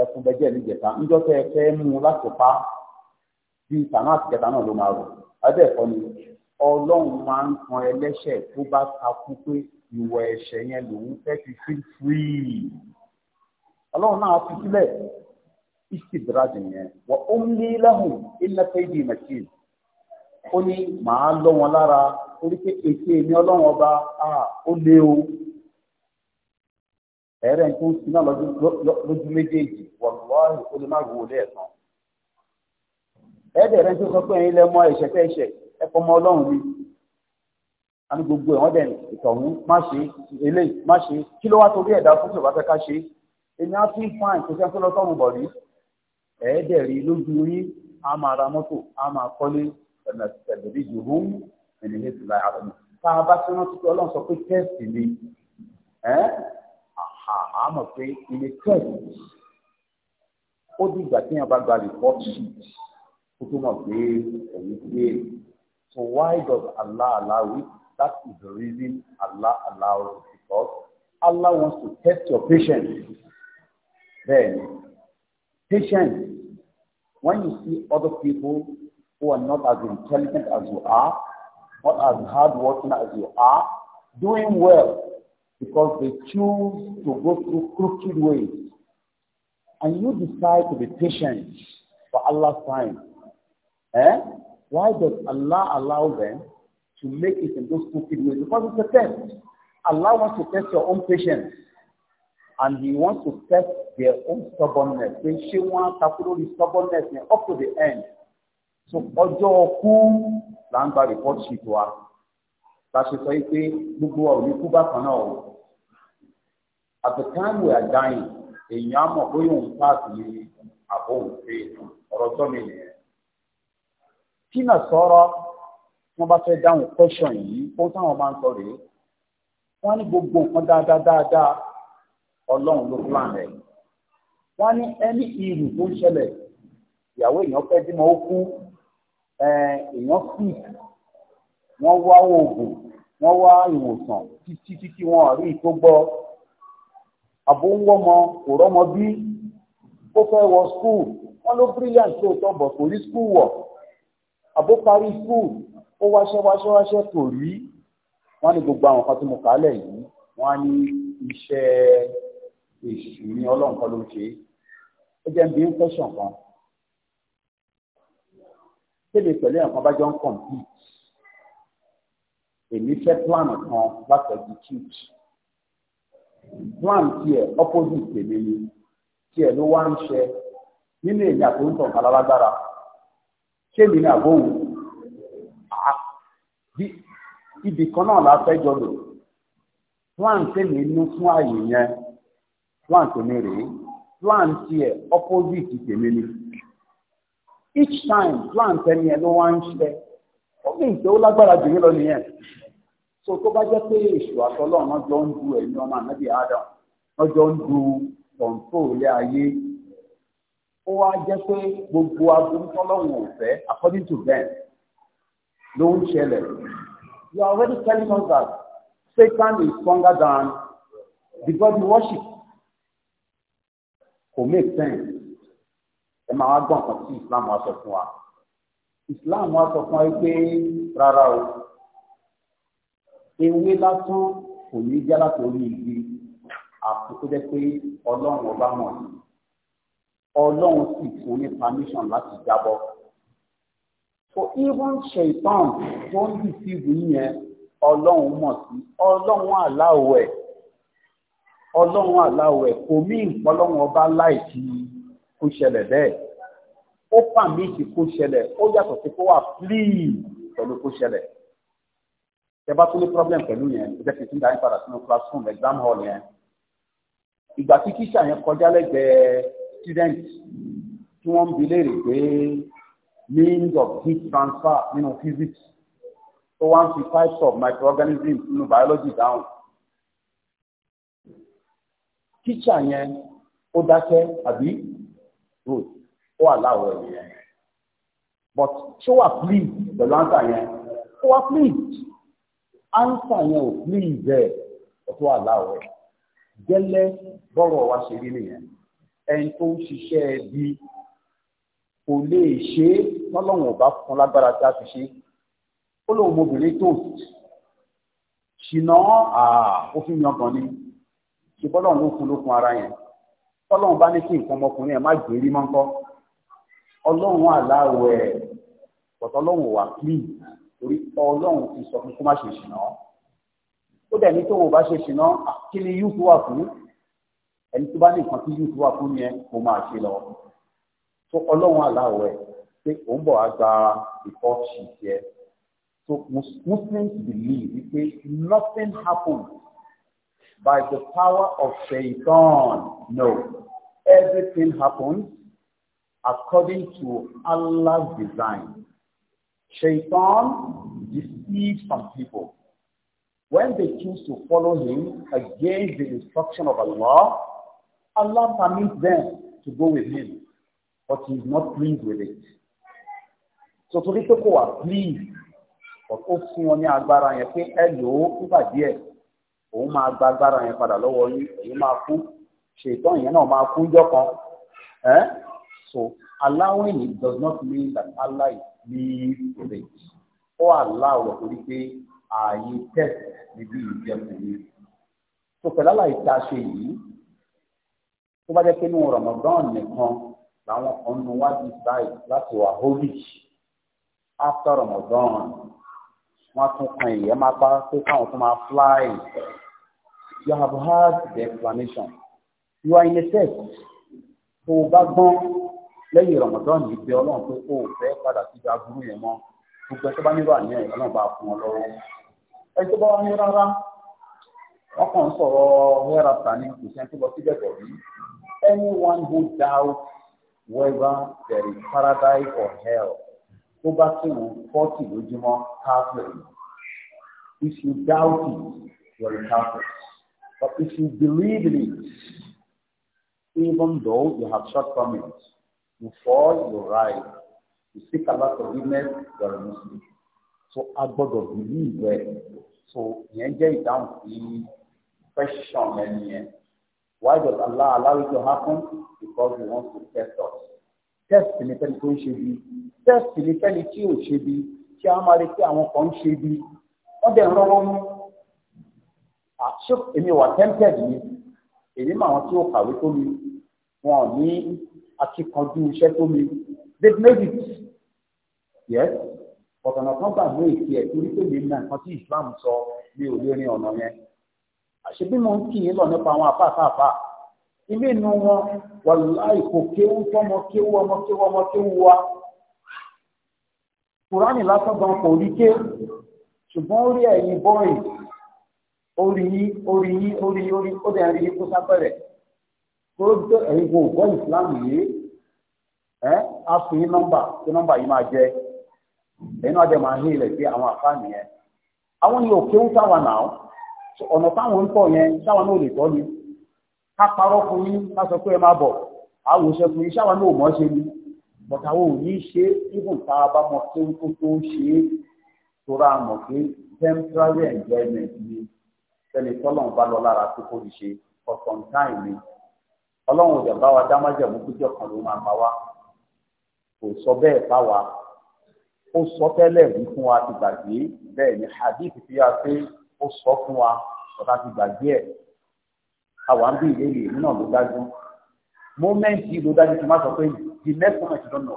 ẹfun bẹ jẹ́ níjẹta níjọ́ tẹ ẹ fẹ́ mú láti pa bí tàná àtìkẹta náà ló máa rò. Ẹbẹ̀ kọ́ ni ọlọ́run máa ń tan ẹlẹ́ṣẹ̀ tó bá takú pé ìwà ẹ̀ṣẹ̀ yẹn lòun fẹ́ fi feel free ọlọ́run náà fi sílẹ̀ istidraj yẹn wa umli lahum inna kaydi matin ó ní màá lọ wọn lára orí pé ètè èmi ọlọ́run ọba ó lé o ẹ̀rẹ́ tó ń siná lójú méjèèjì wàlúwàhì ó lè má wo olé tó sọ pé ẹ̀yin ẹ̀ṣẹ̀ fẹ́ ẹ̀ṣẹ̀ ọlọ́run àní gbogbo ẹ̀ wọ́n dẹ̀ ìtọ̀hún má ṣe eléyìí má ṣe kí ló wá torí ẹ̀dá fún tí ò ká ṣe èmi á fi fáìn kò sẹ́ńtọ́ lọ́tọ́run bọ̀ rí ẹ̀ẹ́dẹ̀rí lójú yín á máa ra mọ́tò á máa kọ́lé ẹ̀nà ju hóm ẹ̀nì ní ìtura àrùn tá a bá fẹ́ràn títí ọlọ́run sọ pé tẹ́ẹ̀sì ni ẹ́ àá mọ̀ pé ilé tẹ́ẹ̀sì ó di ìgbà téèyàn bá gba rìpọ́tì kó tó mọ̀ pé ẹ̀yìn pé so why does Allah allow it? That is the reason Allah allows it because Allah wants to test your patience. Then, patience. When you see other people who are not as intelligent as you are, not as hardworking as you are, doing well because they choose to go through crooked ways. And you decide to be patient for Allah's time. Eh? Why does Allah allow them to make it in those stupid ways because it's a test. Allah wants to test your own patience and He wants to test their own stubbornness. Then she wants to follow the stubbornness up to the end. So Ojo ọkú là ń gba report sheet wa. Láṣẹ sọ pé gbogbo wa ò ní kú bákan náà o. At the time we are dying, a yam mọ̀ going past páàsì ní àbóhùn or ọ̀rọ̀ tọ́ mi nìyẹn. Kí náà wọ́n bá fẹ́ dáhùn question yìí ó táwọn máa ń sọ rèé wọ́n ní gbogbo nǹkan dáadáa dáadáa ọlọ́run ló plan rẹ̀ wọ́n ní ẹni irú tó ń ṣẹlẹ̀ ìyàwó èèyàn fẹ́ bímọ ó kú èèyàn sì wọ́n wá oògùn wọ́n wá ìwòsàn títí títí wọn àrí tó gbọ́ àbò ń wọ́mọ kò rọ́mọ bí ó fẹ́ wọ skul wọ́n ló brilliant tó tọ́ bọ̀ kò skul wọ̀ àbó parí skul ó wáṣẹ́ wáṣẹ́ wáṣẹ́ kò rí wọ́n ní gbogbo àwọn kan tí mo kálẹ̀ yìí wọ́n á ní iṣẹ́ èṣù ní ọlọ́run kan ló ń ṣe é jẹ́ bí ń fẹ́sàn kan tèmi pẹ̀lú ẹ̀kan bá jọ ń compete èmi fẹ́ plan kan láti execute plan tiẹ̀ opposite tèmi ni tiẹ̀ ló wá ń ṣe nínú èyí àti oúnjẹ ọ̀kan lálágbára ṣé mi ní àbóhùn bí ibì kan náà la fẹ́ jọ lò plant tèmi ní fún àyè yẹn rèé opposite tèmi ni each time plant tẹ́ni ẹ ló wá ń ṣe ó ní ìṣe ó lágbára jù mí so tó bá jẹ́ pé èṣù àtọ́lọ́ náà jọ ń du Adam náà jọ ń du ayé gbogbo agbóhùn according to them. Don't ń ṣẹlẹ̀. You are already telling us that Satan is stronger than the God we worship. Kò make sense. Ẹ máa wá gbọ́n kan sí Islam wá sọ fún wa. Islam wá sọ fún wa pé rárá o. Ewé lásán kò ní já látòrí igi àkókò jẹ́ pé ọlọ́run ọba mọ̀ ní. Ọlọ́run sì fún ní permission láti jábọ́ so even shaitan tó ń dìsíìbù yẹn ọlọ́run mọ̀ sí ọlọ́run aláwọ̀ ẹ̀ ọlọ́run aláwọ̀ ẹ̀ kò mí ìpọ́lọ́run ọba láìsí kó ṣẹlẹ̀ bẹ́ẹ̀ ó pàmìtì kó ṣẹlẹ̀ ó yàtọ̀ sí kó wà fílì pẹ̀lú kó ṣẹlẹ̀ ẹ bá tún ní problem pẹ̀lú yẹn ẹ jẹ́ kí n tún darí padà sínú classroom exam hall yẹn ìgbà tí kíṣà yẹn kọjá lẹ́gbẹ̀ẹ́ student tí wọ́n ń bi léèrè pé means of heat transfer you know, physics So, once ń fi types of microorganisms know, biology down. tíṣà yẹn ó dákẹ́ àbí good ó wà láwọ̀ ẹ̀ yẹn but ṣó wà please pẹ̀lú answer yẹn ó wà please answer yẹn ò please ẹ̀ ọ̀tún wà láwọ̀ ẹ̀ gẹ́lẹ́ bọ́rọ̀ wa ṣe rí nìyẹn ẹni tó ń ṣiṣẹ́ bí kò lè ṣe é lọ́lọ́run ọba fún lágbára tí a fi ṣe ó lóun obìnrin tó ṣìnà òfin yangàn ni ṣùgbọ́n lọ́run ló fún lókun ara yẹn tọ́lọ́run bá ní kí nǹkan ọmọkùnrin ẹ̀ má gbèrí mọ́ ńkọ́ ọlọ́run aláwọ̀ ẹ̀ pọ̀tọ́ ọlọ́run wà clean torí ọlọ́run ti sọ fún kó má ṣe ṣìnà ó dẹ̀ ní tó wọ́n bá ṣe ṣìnà kí ni yúùtù wà fún ẹni tó bá ní nǹkan tí yúùtù wà fún yẹn kó máa ṣe lọ tó ọlọ́run aláwọ̀ ẹ̀ pé òun bọ̀ á gba ìfọ́sí jẹ so Muslims believe wípé nothing happens by the power of shaitan no everything happens according to Allah's design shaitan deceives some people when they choose to follow him against the instruction of Allah Allah permits them to go with him but he is not pleased with it. So torí pé kò wá pleased but ó fún wọn ní agbára yẹn pé ẹ lò ó nígbà díẹ̀ òun máa gba agbára yẹn padà lọ́wọ́ yín èyí máa kú ṣètàn yẹn náà máa kú jọ́ kan. So allowing it does not mean that Allah is pleased with it. Ó allow rẹ̀ torí pé ààyè test níbi ìjẹun yìí. So pẹ̀lú àlàyé tá a ṣe yìí, tó bá jẹ́ pé inú Ramadan nìkan làwọn ọ̀nà wa decide láti wà holy after Ramadan wọn tún kan ìyẹn máa pa pé káwọn tún máa fly you have heard the explanation you are in a test. tó o bá gbọ́n lẹ́yìn Ramadan yìí bẹ ọlọ́run pé o ò fẹ́ padà síbi aburú yẹn mọ́ gbogbo ẹ tó bá nílò àníyàn yìí ọlọ́run bá fún ọ lọ́wọ́ ẹ tó bá wà ní rárá wọn kàn ń sọ̀rọ̀ hereafter ní kò sẹ́ni lọ síbẹ̀ bọ̀ anyone who doubts whether there is paradise or hell tó bá sì wù fọ́tì lójúmọ́ if you doubt it you are a Catholic but if you believe in it even though you have shortcomings you fall you rise you seek Allah's forgiveness you are a Muslim so I a gbọ́dọ̀ believe well so ìyẹn jẹ́ down sí question and yẹn. Why does Allah allow it to happen? Because He wants to test us. Test ni fẹ́ni tó ń ṣe bí. Test ni fẹ́ni tí ò ṣe bí. Tí a máa rí pé àwọn kan ń ṣe bí. Wọ́n dẹ̀ ń rọ́wọ́ mú. Àṣọ èmi wà tempted ni. Èmi mọ àwọn tí ó kàwé tó mi. Wọn ò ní akíkanjú iṣẹ́ tó mi. They've made it. Yes. Ọ̀tọ̀nà kan gbàgbé ìpè ẹ̀ torí pé mi ní nǹkan tí Islam sọ mi ò lè rin ọ̀nà yẹn àṣebí mo ń kì í lọ nípa àwọn àfáàfáàfáà ilé inú wọn wàlúwàì kò kéwú tọmọ kéwú ọmọ kéwú ọmọ kéwú wa kùránì lásán gan kò rí ké ṣùgbọ́n ó rí ẹ̀yin bọ́ọ̀yì orí yí orí yí orí yí orí ó dẹ̀ rí yí kó sábẹ́rẹ̀ kó tó ẹ̀yin kò gbọ́ ìsìláàmù yìí ẹ́ á fún yín nọ́mbà tí nọ́mbà yìí máa jẹ́ ẹ̀yin náà jẹ́ máa hí ilẹ̀ sí àwọn àfáàní yẹn àwọn yìí ò kéwú táwa náà ọ̀nà táwọn ń pọ̀ yẹn sáwọn náà lè tọ́ ni ká parọ́ fún yín ká pé ẹ máa bọ̀ àwòṣe fún yín sáwọn náà mọ̀ ṣe ni bọ̀tà wo ní ṣe ibùn tá a bá mọ̀ pé kó tó ṣe é tóra mọ̀ pé temporary enjoyment ni sẹ́ni tọ́lọ̀ bá lọ lára tó kó ṣe for some time ni ọlọ́run ọ̀dẹ̀ bá wa dá májẹ̀mú píjọ kan ló máa pa wá kò sọ bẹ́ẹ̀ bá wa ó sọ tẹ́lẹ̀ wí fún wa ti gbàgbé bẹ́ẹ̀ ni hadith fi hàn pé ó sọ fún wa ọ̀tá ti gbàgbé ẹ̀ àwa ń ìlérí èmi náà ló dájú mọ́mẹ́ǹtì ló dájú tí má sọ pé the next moment ló nà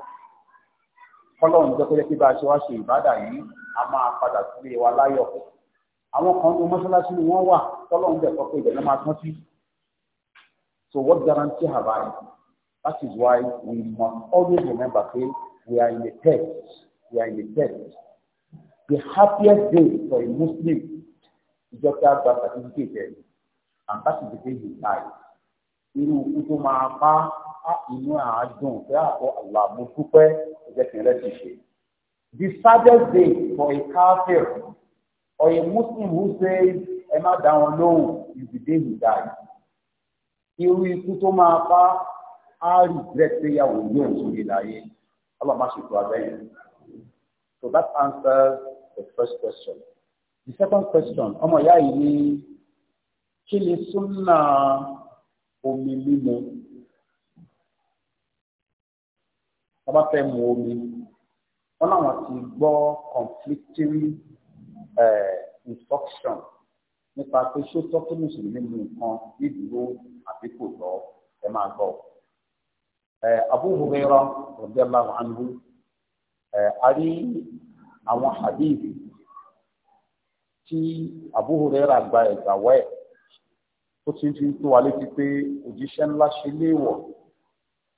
fọlọ́run jẹ́ pé bá a ṣe wá ṣe ìbádà yìí a máa padà sílé wa láyọ̀ àwọn kan ní mọ́ṣáláṣí ni wọ́n wà fọlọ́run jẹ́ pé ìbẹ̀rẹ̀ máa tán sí so what guarantee have I that is why we must always remember say we are in the text we are in the text the happiest day for a Muslim ìjọ tí a gba sàtífíkèétì ẹ̀ àǹtàkìtì yìí báyìí irú ikú máa bá inú àádùn fẹ́ àpọ̀ àlàmú dúpẹ́ ẹ̀jẹ̀ kìnìún rẹ̀ ṣe. The saddest day for a kafir or a Muslim who says ẹ má dá wọn lóhùn is the day he dies. Irú ikú tó máa bá á regret pé yàwó yóò ṣe láyé. Allah má abẹ́yẹn. So that answers the first question the second question ọmọ ìyá yìí ní kí ni súnà omi mímu ọba fẹ́ mu omi wọn làwọn ti gbọ́ conflicting uh, instruction nípa pé ṣó tọ́kí mùsùlùmí mu nǹkan nídúró àbí kò lọ ẹ máa gbọ́. Eh, Abu Hurairah radiyallahu anhu eh, a rí àwọn hadith tí Abu Hurairah gba ẹ̀gbà wẹ̀ ó ti fi tó wa létí pé òjíṣẹ́ ńlá ṣe léèwọ̀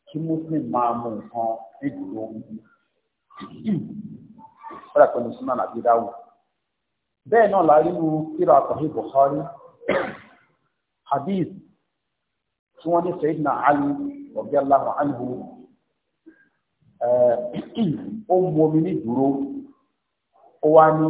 kí muslim máa mú nǹkan nídùúró fẹ́rẹ̀ pé musulman nàbí dáwù bẹ́ẹ̀ náà la rí nu kíra àtọ̀hí Bukhari hadith tí wọ́n ní Sayyidina Ali radiyallahu anhu ó mú omi nídùúró ó wá ní.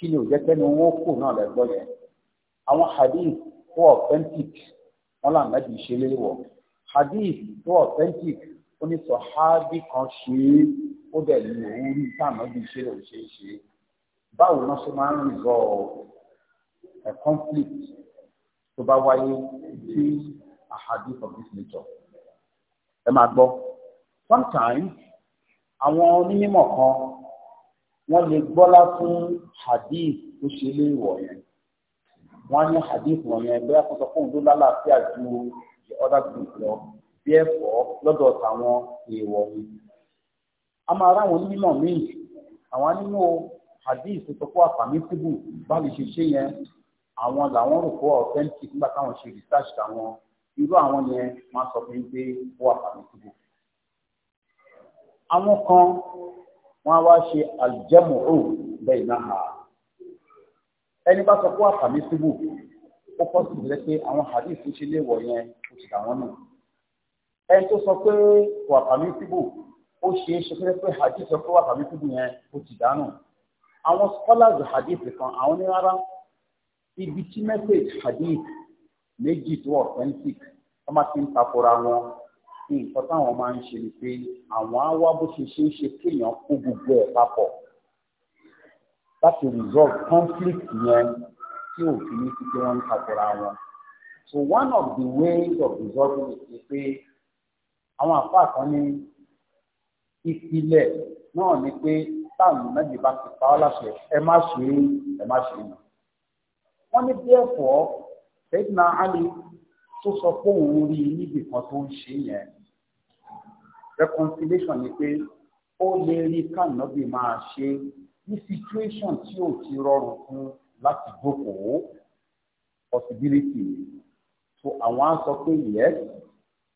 kí ni ò jẹ́ kẹ́ni wọn kù náà lẹ́gbọ́ yẹn àwọn hadith tó authentic wọn là nàbì ṣe léwọ̀ hadith tó authentic ó ní sọ̀hábì kan ṣe é ó dẹ̀ ní òun rí táwọn bí ṣe lòun ṣe é ṣe é báwo náà ṣe máa ń resolve a conflict tó bá wáyé sí a hadith of this nature ẹ máa gbọ́ sometimes àwọn onímọ̀ kan wọ́n lè gbọ́lá fún hadith tó ṣe lé ìwọ̀ yẹn wọ́n ní hadith wọ̀n yẹn bẹ́ẹ̀ kó sọ fún òun tó lálàáfíà ju the other group lọ bí ẹ̀fọ́ lọ́dọ̀ tàwọn èèwọ̀ mi. a máa ráwọn onímọ̀ míì àwọn nínú hadith tó sọ fún àfàmì síbù bá lè ṣe ṣe yẹn àwọn làwọn rò pé authentic nígbà táwọn ṣe research táwọn irú àwọn yẹn máa sọ fún yín pé ó àfàmì síbù. àwọn kan wọ́n á wá ṣe aljamu'u bainaha ẹni bá sọ pé àfàmì síbù ó kọ́ sí ìdílé pé àwọn hadith ṣe lè wọ̀ yẹn ó ti dàwọn nù ẹni tó sọ pé kò àfàmì síbù ó ṣe é ṣe pé pé hadith sọ pé wà àfàmì síbù yẹn ó ti dànù àwọn scholars hadith kan àwọn ní rárá ibi tí message hadith méjì tó authentic wọ́n máa ti ń takora wọn nǹkan táwọn máa ń ṣe ni pé àwọn á wá bó ṣe ṣe é ṣe kéèyàn kó gbogbo ẹ̀ papọ̀ láti resolve conflict yẹn tí ò fi ní sí pé wọ́n ń takora wọn. So one of the ways of resolving it ni pé àwọn àfáà kan ní ìpìlẹ̀ náà ni pé táwọn méjì bá ti pa ọ́ láṣẹ ẹ má ṣe é ẹ má ṣe é. wọ́n ní therefore Sayyidina Ali tó sọ pé òun rí i níbi kan tó ń ṣe yẹn reconciliation ni pé ó lè rí kànáàbì máa ṣe ní situation tí ò ti rọrùn fún láti jókòó possibility so àwọn á sọ pé yes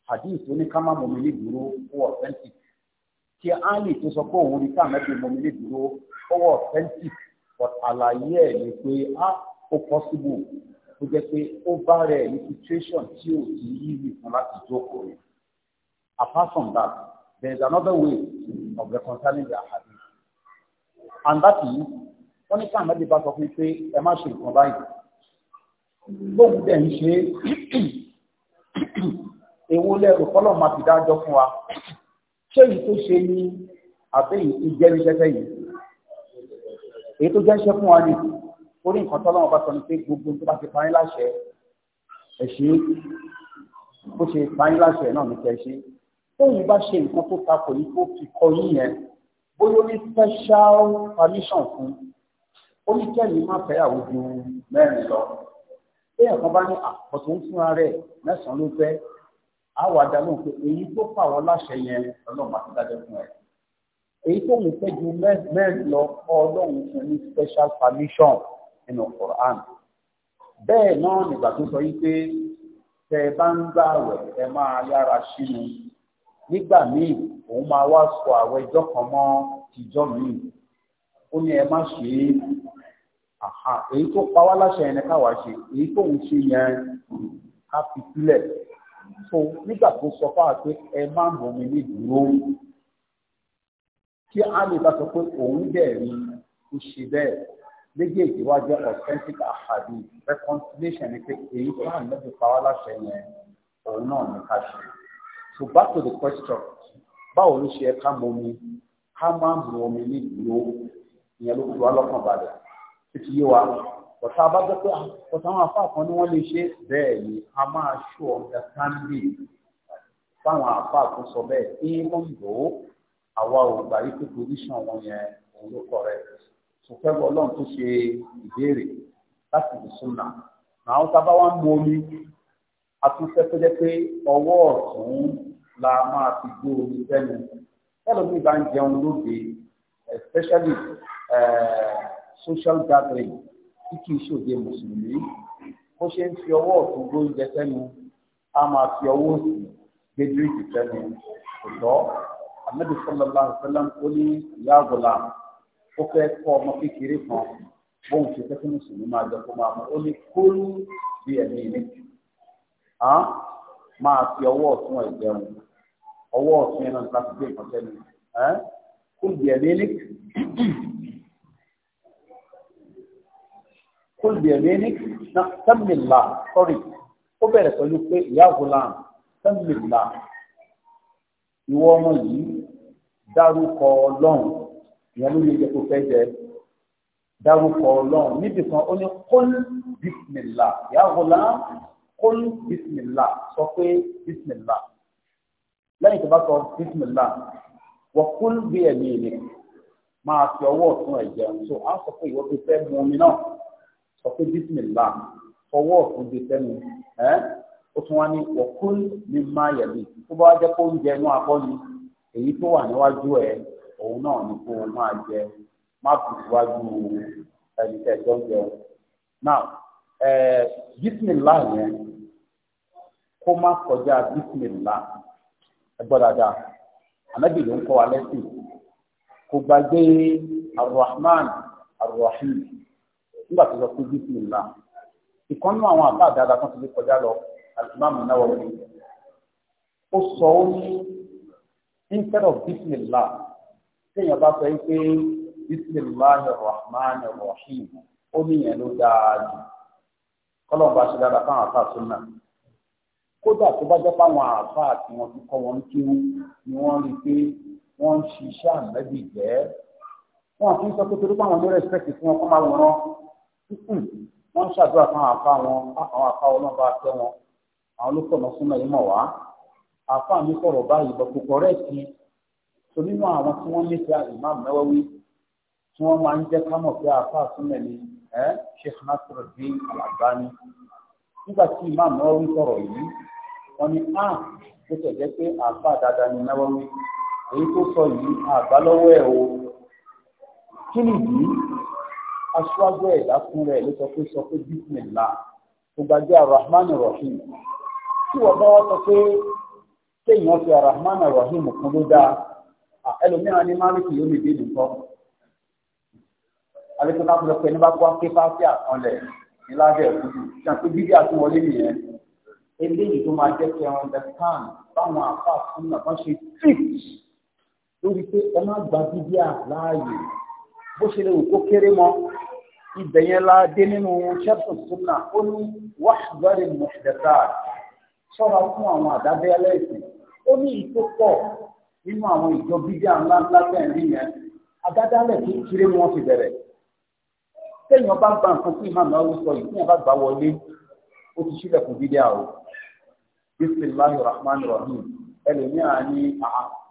hadith oníkámàmù mi ní dúró ó authentic kí áyì tó sọ pé òun ní kànáàbì mọ̀mí ní dúró ó authentic but àlàyé ẹ̀ ni pé á ó possible ó jẹ́ pé ó bá rẹ̀ ní situation tí ò ti yí ìfún láti jókòó apart from that. There is another way of reconciling their hadith. And that is, wọ́n ní káàmì ẹ̀dí bá sọ fún pé ẹ má ṣe nǹkan báyìí. Lóhùn dẹ̀ ń ṣe ewu lẹ́rù kọ́lọ̀ máa fi dájọ́ fún wa. Ṣé èyí tó ṣe ní àbẹ́ èyí tó jẹ́ iṣẹ́ yìí? Èyí tó jẹ́ iṣẹ́ fún wa ni orí nǹkan tọ́lọ́wọ́n bá sọ ni pé gbogbo tó bá ti parí láṣẹ ẹ̀ṣin bó ṣe parí láṣẹ náà ní kẹ́ ṣe tóyìn bá ṣe nǹkan tó takò yìí tó fi kọ yín yẹn bóyá ó ní special permission fún ó ní kẹ́mi má fẹ́yàwó ju mẹ́rin lọ téèyàn kan bá ní àpọ̀tò ah, ń fúnra rẹ̀ mẹ́sàn-án ló fẹ́ á wà dá lóhùn pé èyí tó fà wọ́n láṣẹ yẹn ọlọ́run àti dájọ́ fún ẹ èyí tó ń fẹ́ ju mẹ́rin lọ ọlọ́run fún ní special permission nínú Quran bẹ́ẹ̀ náà nígbà tó sọ yìí pé tẹ ẹ bá ń gbà ẹ máa yára sínú nígbà míì òun máa wá sọ àwọn ẹjọ́ kan mọ́ tìjọ́ míì ó ní ẹ má ṣe é èyí tó pa wá láṣẹ yẹn káwá ṣe èyí tó ń ṣe yẹn ká fi sílẹ̀ so nígbà tó sọ fáà pé ẹ má mọ̀ mi ní dúró kí á lè bá sọ pé òun dẹ̀ rí kó ṣe bẹ́ẹ̀ méjèèjì wá jẹ́ authentic ahadi reconciliation ni pé èyí tó hàn lọ́dún pa wá láṣẹ yẹn òun náà ní ká ṣe é. So back to the question, báwo ló ṣe ká mọ omi ká máa mọ omi ní ìlú ìyẹn ló fi wá lọ́kàn balẹ̀ títí yé wa ọ̀tá bá gbé pé ọ̀tá ah, àwọn afá kan ni wọ́n lè ṣe bẹ́ẹ̀ ni a máa ṣó ọ̀gá sáńdì fáwọn afá kan sọ bẹ́ẹ̀ kí wọ́n lò ó àwa ò gbà yí pé position wọn yẹn òun ló correct so fẹ́ bọ́ ọlọ́run tó ṣe ìbéèrè láti lè súnà àwọn tá a bá wá ń mu omi àtúnṣe tó jẹ́ pé ọwọ́ ọ̀tún la máa fi gbé omi sẹ́nu ẹlòmíì bá ń jẹun lóde especially social gathering tí kì í ṣòde mùsùlùmí bó ṣe ń fi ọwọ́ ọ̀tún gbé oúnjẹ sẹ́nu a máa fi ọwọ́ òsì gbé dírìkì sẹ́nu kò tọ́ anabi sallallahu alaihi wa sallam ó ní ìyá àgọ́lá ó fẹ́ kọ́ ọmọ kékeré kan bóun ṣe fẹ́ kí mùsùlùmí máa jẹ kó máa mú ó ní kólú bí ẹ̀mí ìlẹ́kì. Ah, máa fi ọwọ́ ọ̀tún ẹ̀ jẹun ọwọ́ ọ̀tún ẹran láti gbé nǹkan sẹ́nu kó diẹ léèlé kó diẹ léèlé sẹ́mìlá sọ́rí ó bẹ̀rẹ̀ pẹ̀lú pé ìyá gulam sẹ́mìlá ìwọ ọmọ yìí dárúkọ ọlọ́run ìyẹn ló yẹ kó fẹ́ jẹ dárúkọ ọlọ́run níbi kan ó ní kó bísímìlá ìyá gulam kólú bisimilá sọ pé bisimilá lẹ́yìn tó bá sọ bisimilá wọ́n kólú bí ẹ̀mí ni máa fi ọwọ́ ọ̀tún ẹ̀ so á sọ pé ìwọ tó fẹ́ mu omi náà sọ pé bisimilá ọwọ́ ọ̀tún gbé sẹ́nu ẹ́ ó tún wá ní wọ́n kólú ní má yẹ̀mí tó bá jẹ́ kó ń jẹ inú abọ́ ni èyí tó wà níwájú ẹ̀ òun náà ni kó o máa jẹ má bù síwájú ẹnikẹ́ni tó náà bísímìlá yẹn kó má kọjá bísímìlá ẹ gbọ́ dáadáa ànábì ló ń kọ́ wa lẹ́sìn kò gbàgbé arrahman arrahim nígbà tó sọ pé bísímìlá ìkànnì àwọn àbá dáadáa kan ti lè kọjá lọ alimami Nawawi ó sọ ó ní instead of bismillah téèyàn bá sọ pé bismillahir rahmanir rahim ó ní yẹn ló dáa jù kọ́lọ́n bá ṣe dáadáa fáwọn àfa kódà tó bá jẹ́ fáwọn àfa àti wọn ti kọ́ wọn kí ni wọ́n rí i pé wọ́n ń ṣiṣẹ́ àmẹ́bí jẹ́ wọ́n fi ń sọ pé torí fáwọn ní rẹ́spẹ̀tì fún wọn kọ́ máa wọ̀rán wọ́n ń ṣàdúrà fáwọn àfa wọn àwọn àfa wọn náà bá tẹ́ wọn àwọn ló pọ̀ náà súnmọ́ yìí mọ̀ wá àfa mi sọ̀rọ̀ báyìí bọ̀ kò kọ̀rẹ́ẹ̀tì so nínú àwọn tí wọ́n nífẹ̀ẹ́ ẹ Sheikh Nasiruddin Al-Albani nígbà tí imam Nawawi sọ̀rọ̀ yìí wọ́n ní a ah, bó tẹ̀ jẹ́ pé àfa dáadáa ni Nawawi èyí tó sọ yìí àgbà lọ́wọ́ ẹ̀ o kí nìdí aṣáájú ẹ̀dá fún rẹ̀ ló sọ pé sọ pé bísímìlá gbàgbé arahman rahim tí wọ́n bá wá sọ pé kéèyàn fi arahman rahim kún ló dáa ẹlòmíràn ní máàlùkì yóò lè dé nìkan alẹ́kọ̀ọ́ ká fúnlẹ̀ pé ní bá kó akéfà sí àkànlẹ̀ nílábẹ́ ẹ̀kúdù ṣàpé bíbí àti wọlé nìyẹn eléyìí tó máa jẹ́ kí ẹran bẹ̀tán báwọn àpá fún nàbá ṣe tíìt lórí pé ẹ má gba bíbí àláàyè bó ṣe lè wù kó kéré mọ́ ibẹ̀ yẹn la dé nínú ṣẹ́pù súnà ó ní wàhálà mọ̀ṣẹ̀dá ṣọ́ra fún àwọn àdábẹ́ ẹlẹ́sìn ó ní ìtó pọ̀ nínú àwọn ìjọ bíbí àńláńlá bẹ́ẹ̀ rí yẹn adádálẹ̀ kékeré ni wọ́n ti bẹ̀rẹ̀ téèyàn bá gba nǹkan tí ìmáàmù náà sọ yìí téèyàn bá gbà wọlé ó ti sílẹ̀ fún bídíà o bisimilahi rahman rahim ẹlòmíràn ní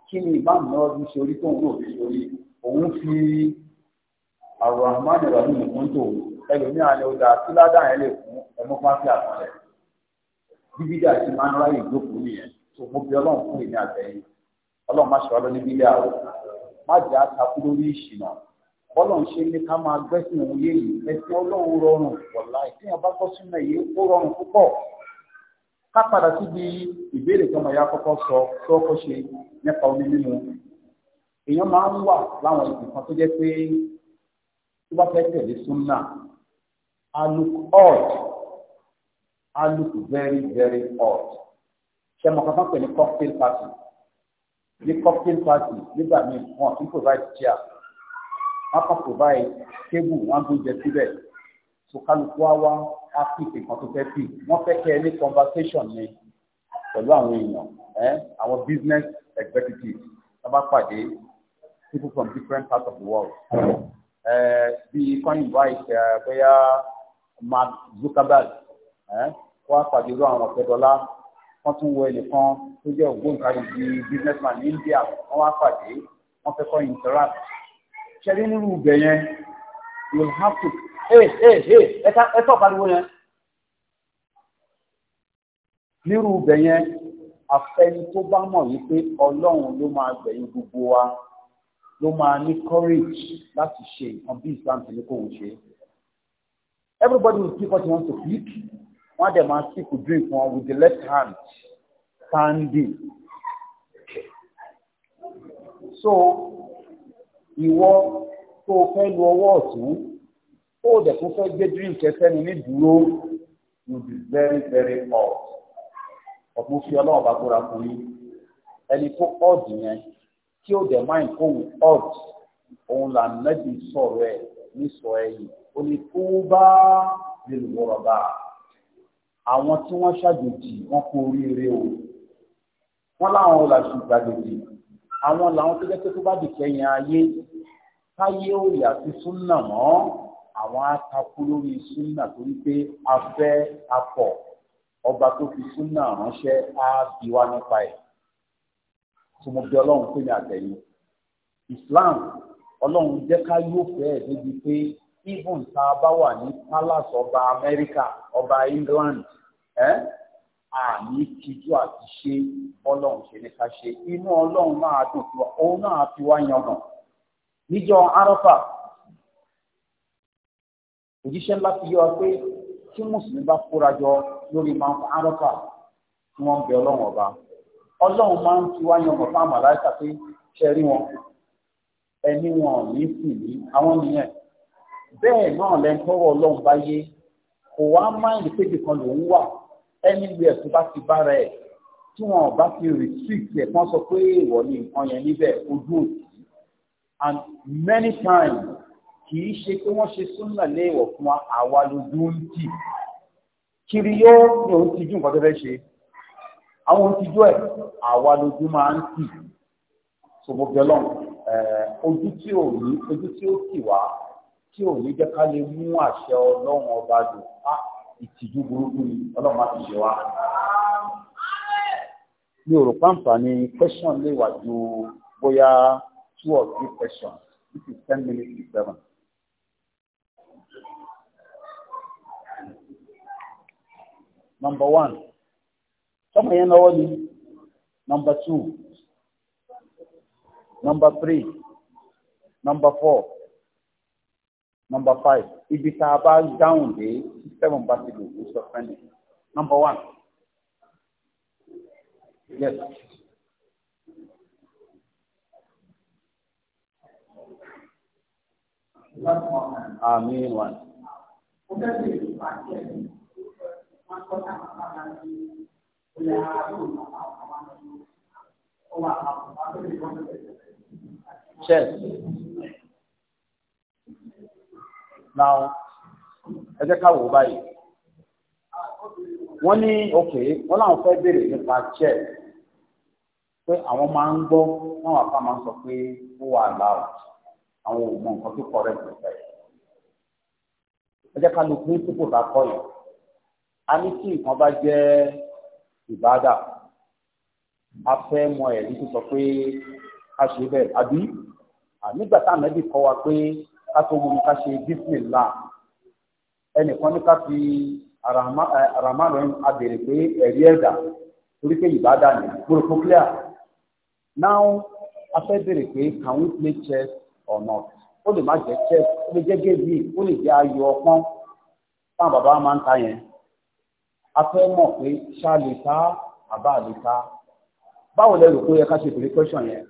kí ni ìmáàmù náà fi sori tóun náà fi sori òun fi arahman rahim kún tó ẹlòmíràn ní ọjà tíládà yẹn lè fún ẹmọ pàṣẹ àtàlẹ bíbídíà ti máa ń ráyè ìjókòó nìyẹn tó mo bí ọlọ́run fún èmi àtẹ̀yìn ọlọ́run má ṣe wá lọ ní bídíà o má jẹ́ àtakú lórí ìṣìnà. bọ́lọ̀ ń ṣe ní ká máa gbẹ́sìn òun yìí ẹ̀sìn ọlọ́run rọrùn wọ̀lá ìtìyàn bá gbọ́ sínú èyí ó rọrùn púpọ̀ ká padà síbi ìbéèrè tó máa yá kọ́kọ́ sọ tó kọ́ ṣe nípa omi mímu èèyàn máa ń wà láwọn kan tó jẹ́ pé tó bá fẹ́ tẹ̀lé I look I look very very ṣe kankan pè wọn provide table wọn gbóúnjẹ síbẹ̀ so kálukú wa wá á fi nǹkan tó fẹ́ fi wọ́n fẹ́ kẹ́ ní conversation ni pẹ̀lú àwọn èèyàn ẹ àwọn business executives tó bá pàdé people from different parts of the world ẹ bíi kan invite ẹ bóyá Mark Zuckerberg ẹ wọ́n á pàdé irú àwọn ọ̀pẹ dọ́là wọ́n tún wọ ẹnìkan tó jẹ́ ògbóǹtarìgì businessman ní India wọ́n wá pàdé wọ́n fẹ́ kọ́ interact ṣẹlẹ̀ nínú ibẹ̀ yẹn you have to hey hey hey ẹ tọ́ pariwo yẹn nírú ibẹ̀ yẹn afẹ́ni tó bá mọ̀ yìí pé ọlọ́run ló máa gbẹ̀yìn gbogbo wa ló máa ní courage láti ṣe nǹkan bí Islam ti ní kò ń ṣe everybody will speak what he wants to speak wọ́n á dẹ̀ máa speak with drink wọn with the left hand standing so ìwọ tó fẹ́ lu ọwọ́ ọ̀tún ó dẹ̀ tó fẹ́ gbé drink ẹsẹ́ni ní dúró you be very very odd ọ̀pọ̀ fi ọlọ́run bá kóra fún yín ẹni tó odd yẹn kí ó dẹ̀ máa ń kó odd òun là nẹ́bí sọ̀rọ̀ ẹ̀ nísọ ẹ̀yìn ó ní tó bá lè wọ̀rọ̀ bá àwọn tí wọ́n ṣàjòjì wọ́n kú oríire o wọ́n láwọn ò làṣù gbàgèdè. àwọn làwọn tó jẹ́ pé tó bá dìkẹ́ yẹn ayé táyé ò yà sí súnà mọ́ àwọn atakú lórí súnà torí pé afẹ́ akọ̀ ọba tó fi súnà ránṣẹ́ á bí nípa ẹ̀ tí mo bí ọlọ́run pé ní àtẹ̀yìn Islam ọlọ́run jẹ́ ká yóò fẹ́ ẹ̀ débi pé even tá ọba america ọba England àní tijú àti ṣe ọlọ́run ṣe ní ká ṣe inú ọlọ́run máa dùn fún wa òun náà fi wá yangàn níjọ́ arọ́fà òjíṣẹ́ ńlá fi yọ ọ pé tí mùsùlùmí bá kóra jọ lórí máa ń fa arọ́fà tí wọ́n ń bẹ ọlọ́run ọba ọlọ́run máa ń fi wá yangàn fún àmàlàíkà pé ṣe rí wọn ẹni wọn ní sì ní àwọn nìyẹn bẹ́ẹ̀ náà lẹ́ńtọ́rọ̀ ọlọ́run bá yé kò wá máìlì péjì kan lòún wà anywhere tó bá ti bára ẹ̀ tí wọn bá ti restrict ẹ̀ kán sọ pé ìwọ ni nǹkan yẹn níbẹ̀ ojú òkú and many times kì í ṣe pé wọ́n ṣe súnà léèwọ̀ fún wa àwa lójú ń tì kiri yóò ní òun ti ju nǹkan tó fẹ́ ṣe àwọn ohun tijọ́ ẹ̀ àwa lójú máa ń tì sọgbọgbẹ lọ́n eh, ojú tí ò ní ojú tí ó tì wá tí ò ní jẹ́ ká lè mú àṣẹ ọlọ́run ọba dùn á ah, ìtìjú burúkú ni ọlọ́run má fi ṣe wá. mi ò rò pàǹpà ni question lè wà ju bóyá two or three questions this is ten minutes to seven. number one sọmọ yẹn náwó ni number two number three number four. Number five ibi tá a bá dáhùn dé seven bá ti lò ó sọ fẹ́ni nọmba one yes. Amin wa. Chess now ẹ jẹ́ ká wò ó báyìí wọ́n ní ok wọ́n láwọn fẹ́ béèrè nípa check pé àwọn máa ń gbọ́ táwọn afá máa ń sọ pé ó wà láwù àwọn ò mọ nǹkan tó correct níbẹ̀ ẹ jẹ́ ká lo principle bá kọ́ yẹn a ní tí nǹkan bá jẹ́ ìbádà a fẹ́ mọ ẹ̀rí tó sọ pé a ṣe bẹ́ẹ̀ àbí nígbà táwọn ẹbí kọ́ wa pé ká tó wù mí ká ṣe bísímìlá ẹnìkan ní ká fi àràmánà eh, abèrè pé ẹ̀rí ẹ̀dá torí pé ìbádà ní gbòòrò clear now a fẹ́ bèrè pé can we play chess or not ó lè má jẹ́ chess ó lè jẹ́ gébì ó lè jẹ́ ayò ọpọ́n táwọn bàbá máa ń ta yẹn a fẹ́ pé ṣáà lè ta àbá lè ta báwo lẹ rò pé ó yẹ ká ṣe bèrè question yẹn.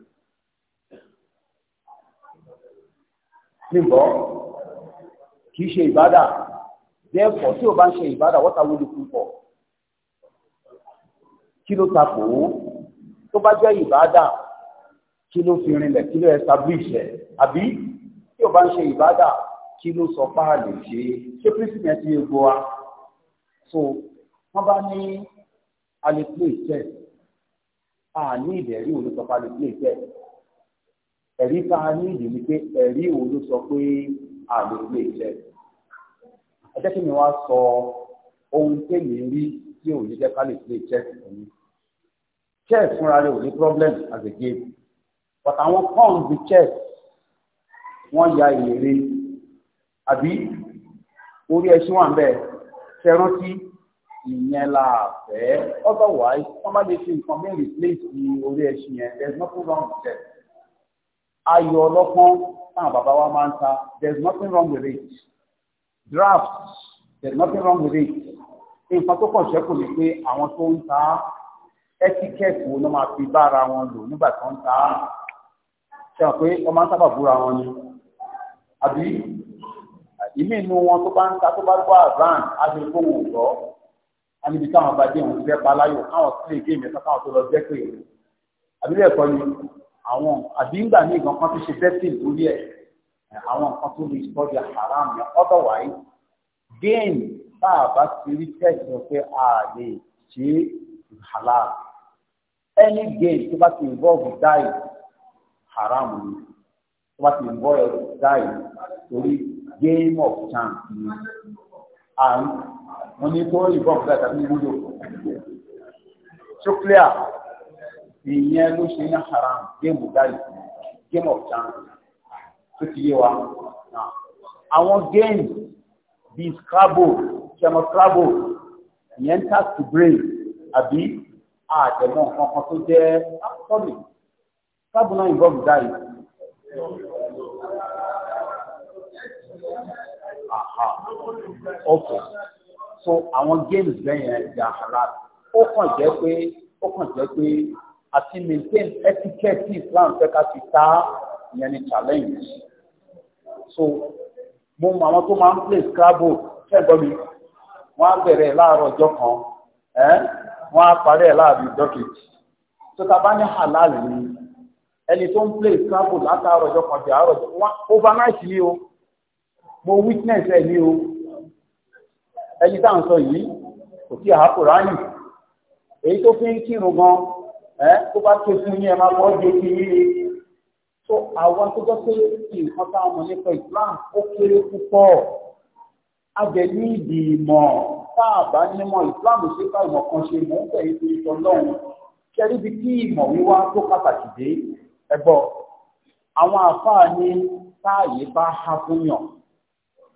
níbọ kì í ṣe ìbádà dẹ́ẹ̀fọ̀ tí o bá ń ṣe ìbádà wọ́n ta wo lè kún pọ̀ kí ló ta kò ó tó bá jẹ́ ìbádà kí ló fi rinlẹ̀ kí ló establish ẹ̀ àbí tí o bá ń ṣe ìbádà kí ló sọ pa ṣe ṣé pírísìmì ti gbọ́ wa so wọ́n bá ní alẹ́ pé ìtẹ́ àní ìdẹ̀rí òun lè pé ìtẹ́ ẹ̀rí tá a ní ìdí ni pé ẹ̀rí wo ló sọ pé àlè ilé iṣẹ́ ẹ jẹ́ kí mi wá sọ ohun tèmi rí tí ò ní jẹ́ ká lè play chess fún mi chess fúnra rẹ̀ ò ní problem as a game but àwọn pawns bí chess wọ́n ya èrè àbí orí ẹṣin wà ń bẹ̀ ṣe rántí ìyẹn la fẹ́ otherwise wọ́n bá lè fi nǹkan mẹ́rin replace orí ẹṣin yẹn there is nothing wrong with chess ayò ọlọ́pọ́n táwọn bàbá wa máa ń ta there is nothing wrong with it draft there is nothing wrong with it nǹkan tó kàn ṣẹ́kù ni pé àwọn tó ń ta etiquette wo ló máa fi bára wọn lò nígbà tó ń ta ṣe hàn pé wọ́n máa ń sábà búra wọn ni àbí ìmí inú wọn tó bá ń ta tó bá gbọ́ àbáàn agbègbòwò ọ̀dọ́ anibi táwọn bá dé òun fẹ́ pa aláyò káwọn sílé géèmì ẹ̀ka káwọn tó lọ jẹ́ pé àbílẹ̀ ẹ̀kọ́ ni àwọn àbí ńgbà ní ìgbọ̀n kan tó ṣe bẹ́tì lórí ẹ̀ àwọn nǹkan tó lè bọ́dọ̀ haram ní ọ̀dọ̀ wáyé gain bá a bá ti rí tẹ̀sí pé a lè ṣe halal any gain tó bá ti involve die haram ni tó bá ti involve die torí game of chance ni and wọ́n ní tó involve die tàbí wúlò so clear ìyẹn ló ṣe ní haram géèmù dáì game of chance tó ti yé wa àwọn game bíi scrabble ṣẹmọ scrabble ìyẹn ń tax to brain àbí àtẹ̀mọ́ nǹkan kan tó jẹ́ ah, sọ́ọ̀lì scrabble náà involve dáì. Aha. Okay. So àwọn games bẹ́yẹn dàhálà. Ó kàn jẹ́ pé ó kàn jẹ́ pé àti maintain etiquette Islam fẹ́ ká ti ta ìyẹn ni challenge so mo mọ àwọn tó máa ń play scrabble kẹ́gbọ́n mi wọ́n á bẹ̀rẹ̀ láàárọ̀ ọjọ́ kan wọ́n á parí ẹ̀ láàárọ̀ kejì tó ta bá ní halal ni ẹni tó ń play scrabble látàárọ̀ ọjọ́ kan di àárọ̀ ọjọ́ wọn overnight ni o mo witness ẹ ní o ẹni tá à ń sọ yìí kò sí àhápò ráyìn èyí tó fi ń kírun gan ẹ tó bá tó fún yín ẹ máa bọ́ de kí yín ni tó àwọn tó jẹ́ pé nǹkan tá a mọ̀ nípa Islam ó kéré púpọ̀ àjẹní ìdì tá a bá nímọ̀ Islam ṣe ká ìmọ̀ kan ṣe mọ̀ ń tẹ̀ ètò ìtọ́ lọ́hùn kẹrí bí kí ìmọ̀ wíwá tó pàtàkì dé ẹ gbọ́ àwọn àfáà ní táàyè bá há fún yàn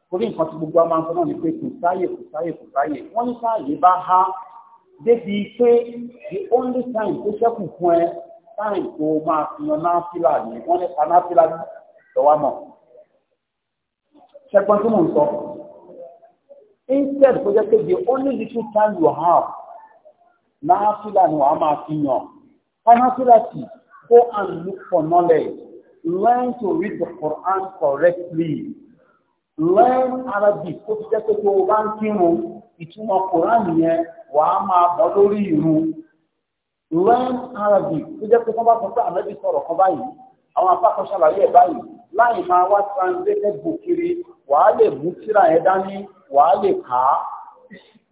torí nǹkan tí gbogbo a máa ń sọ náà ni pé kò sáyè kò sáyè kò sáyè wọ́n ní táàyè bá há débi pé the only time tó ṣẹ́kù fún ẹ táì tó máa fi yan náfìlà ní wọ́n ní panáfìlà lọ́wọ́ mọ̀ ṣẹ́gbọ́n tí mò ń sọ instead kó jẹ́ pé the only little time you have náfìlà ni wàá máa fi yan panáfìlà sì go and look for knowledge learn to read the Quran correctly learn Arabic kó fi jẹ́ pé kó o bá ń kírun ìtumọ̀ Quran yẹn. wà á máa bọ́ lórí ìrù lẹ́yìn arabic tó jẹ́ pé wọ́n bá sọ pé ànábì sọ̀rọ̀ kan báyìí àwọn apákan ṣàlàyé ẹ̀ báyìí láì máa wá translated book kiri wà á lè mú tírà yẹn dání wà á lè kà á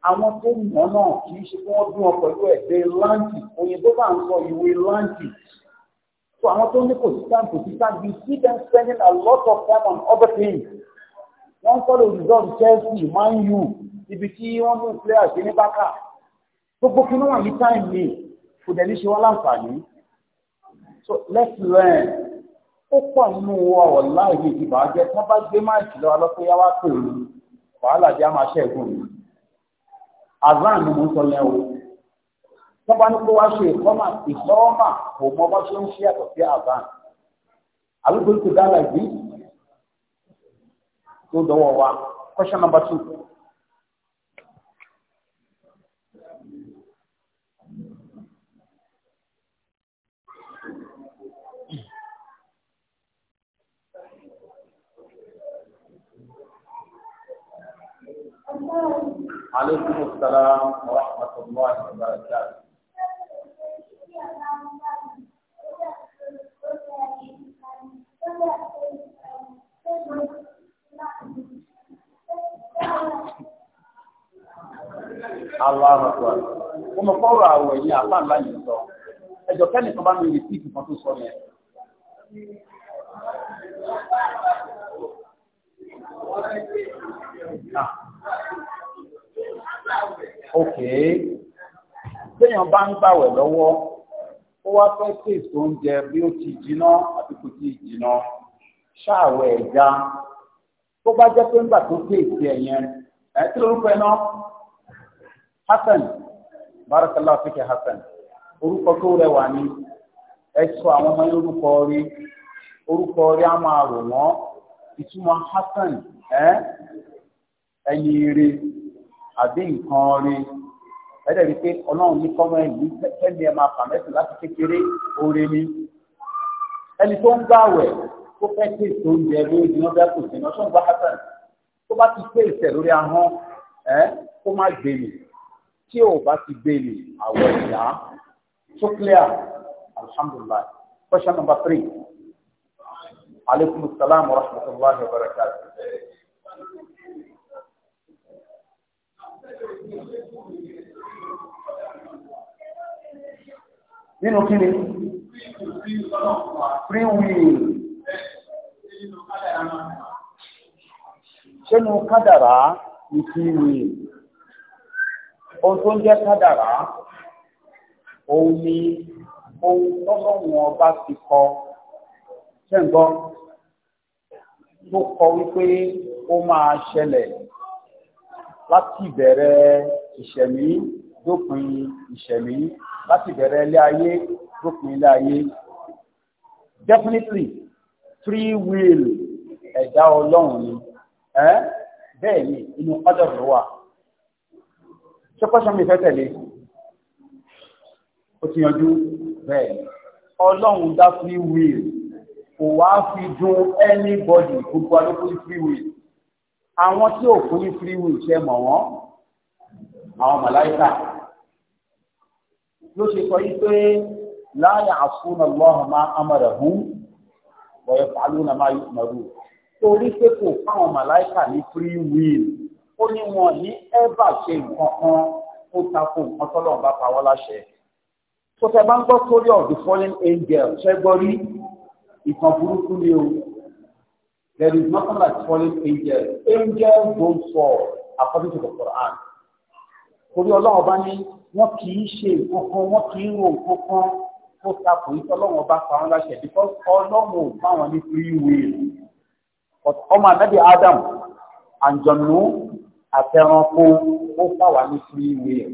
àwọn tó mọ̀ náà kì í ṣe kí wọ́n bí wọn pẹ̀lú ẹ̀dẹ́ láǹtì òyìnbó bá ń sọ ìwé láǹtì so àwọn tó ní kò sí sáǹtì kò sí sáǹtì you see them spending a lot of time on other things wọ́n sọ̀rọ̀ result Chelsea Man U ibi tí wọ́n mú players ní bákà gbogbo kí ló wà ní time mi kò dẹ̀ ní ṣe wọ́n láǹfààní so let's learn ó pọ̀ nínú ọ̀rọ̀ láàyè ìdìbò àjẹ tí wọ́n bá gbé máìkì lọ́wọ́ lọ́pẹ́ yá wá pè é wàhálà bí a máa ṣẹ́gun mi azan ni mo ń sọ lẹ́wọ̀ tí wọ́n bá ní kó wá ṣe ìkọ́mà ìkọ́mà kò mọ bá ṣe ń ṣe àtọ̀ sí azan àlùkò ìkọ̀dá làgbé tó dọwọ́ wa question number two. عليكم السلام ورحمة الله وبركاته aláàbọ̀ ọmọ fọ́ọ̀rọ̀ àwọ̀ ẹ̀yìn àpá ńlá sọ ẹjọ́ kẹ́ni kan bá mi rí sí ìkan tó sọ yẹn. Ah. ok téèyàn bá ń gbàwẹ̀ lọ́wọ́ ó wá fẹ́ tèso oúnjẹ bí ó ti jiná àti kò ti jiná ṣáàwẹ̀ ẹ̀já tó bá jẹ́ pé ńgbà tó pé ẹ̀yẹn ẹ̀ tí lórúkọ ẹ̀ náà Hasan barakallahu fiki Hasan orúkọ tó rẹwà ní ẹ sọ àwọn ọmọ yẹn orúkọ rí orúkọ rí a máa rò wọ́n ìtumọ̀ Hasan ẹ̀ ẹni rí àbí nǹkan rí rí pé ọlọ́run ní kọ́mọ ẹ̀yìn máa fà mẹ́sìn láti ó fẹ́ tí èso oúnjẹ lórí iná bẹ́ẹ̀ kò sí iná sọ̀rọ̀ bá hàtà tó bá ti pé ìtẹ̀ lórí ahọ́n ẹ́ kó má gbé mi tí ò bá ti gbé mi àwọ̀ ìyá tó clear alhamdulilah question number three aleykum salaam wa rahmatulahi wa barakatu. nínú kí ni free will sínú kádàrá ìkíni ohun tó ń jẹ́ kádàrá òun ni ohun tọ́lọ́wọ́n ọba ti kọ ṣẹ́ǹgbọ́ tó kọ wípé ó máa ṣẹlẹ̀ láti ìbẹ̀rẹ̀ ìṣẹ̀mí dópin ìṣẹ̀mí láti ìbẹ̀rẹ̀ ilé ayé dópin ilé ayé definitely free will ẹ̀dá ọlọ́run ni bẹ́ẹ̀ ni inú ọjọ́ rẹ̀ wà ṣọ́kọ́ṣọ́ mi fẹ́ tẹ̀lé ó ti yanjú bẹ́ẹ̀ ọlọ́run dá free will kò wá fi dùn anybody gbogbo alókùn free will àwọn tí ò fún ní free will ṣe mọ̀ wọ́n àwọn màláìkà ló ṣe sọ yí pé láyà àsúnà lọ́hùn máa amọ̀rẹ̀ hùn wọ́yọ̀ pàálù náà máa yọ̀ mọ̀rú. torí pé kò fáwọn màláìkà ní free will ó ní wọn ní ẹ́bà ṣe nǹkan kan ó takò nǹkan tọ́lọ́run bá pa wọ́n láṣẹ. tó bá ń gbọ́ story of the fallen angel ṣẹ́ gbọ́ rí ìtàn burúkú ni o. there is nothing like fallen angel angel don't fall according to the Quran. torí ọlọ́run bá ní wọ́n kì í ṣe nǹkan kan wọ́n kì í ro nǹkan kan tó takò yìí tọ́lọ́wọ́n bá pa wọn láṣẹ because ọlọ́run ò bá wọn ní free will ọmọ ànábì Adam àǹjọ̀nù àtẹranko ó bá wà ní free will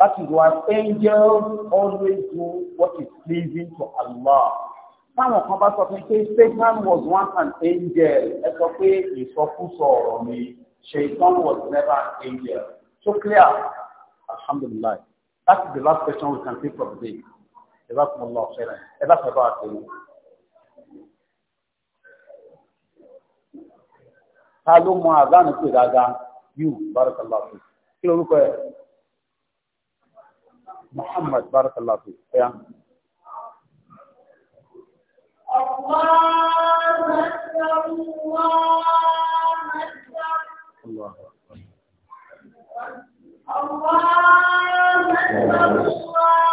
that is why angels always do what is pleasing to Allah táwọn kan bá sọ fún pé Satan was once an angel ẹ sọ pé ìsọkúsọ ọ̀rọ̀ mi Satan was never an angel so clear alhamdulillah that is the last question we can take from today ẹ bá kún un lọ ọ̀fẹ́ rẹ̀ ẹ bá kún un bá wa pè é. ta ló mọ àdánù pè dáadáa yóò barakallahu fi kí lorúkọ ẹ muhammad barakallahu fi ẹ yá. الله الله الله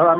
ọ̀rọ̀ mi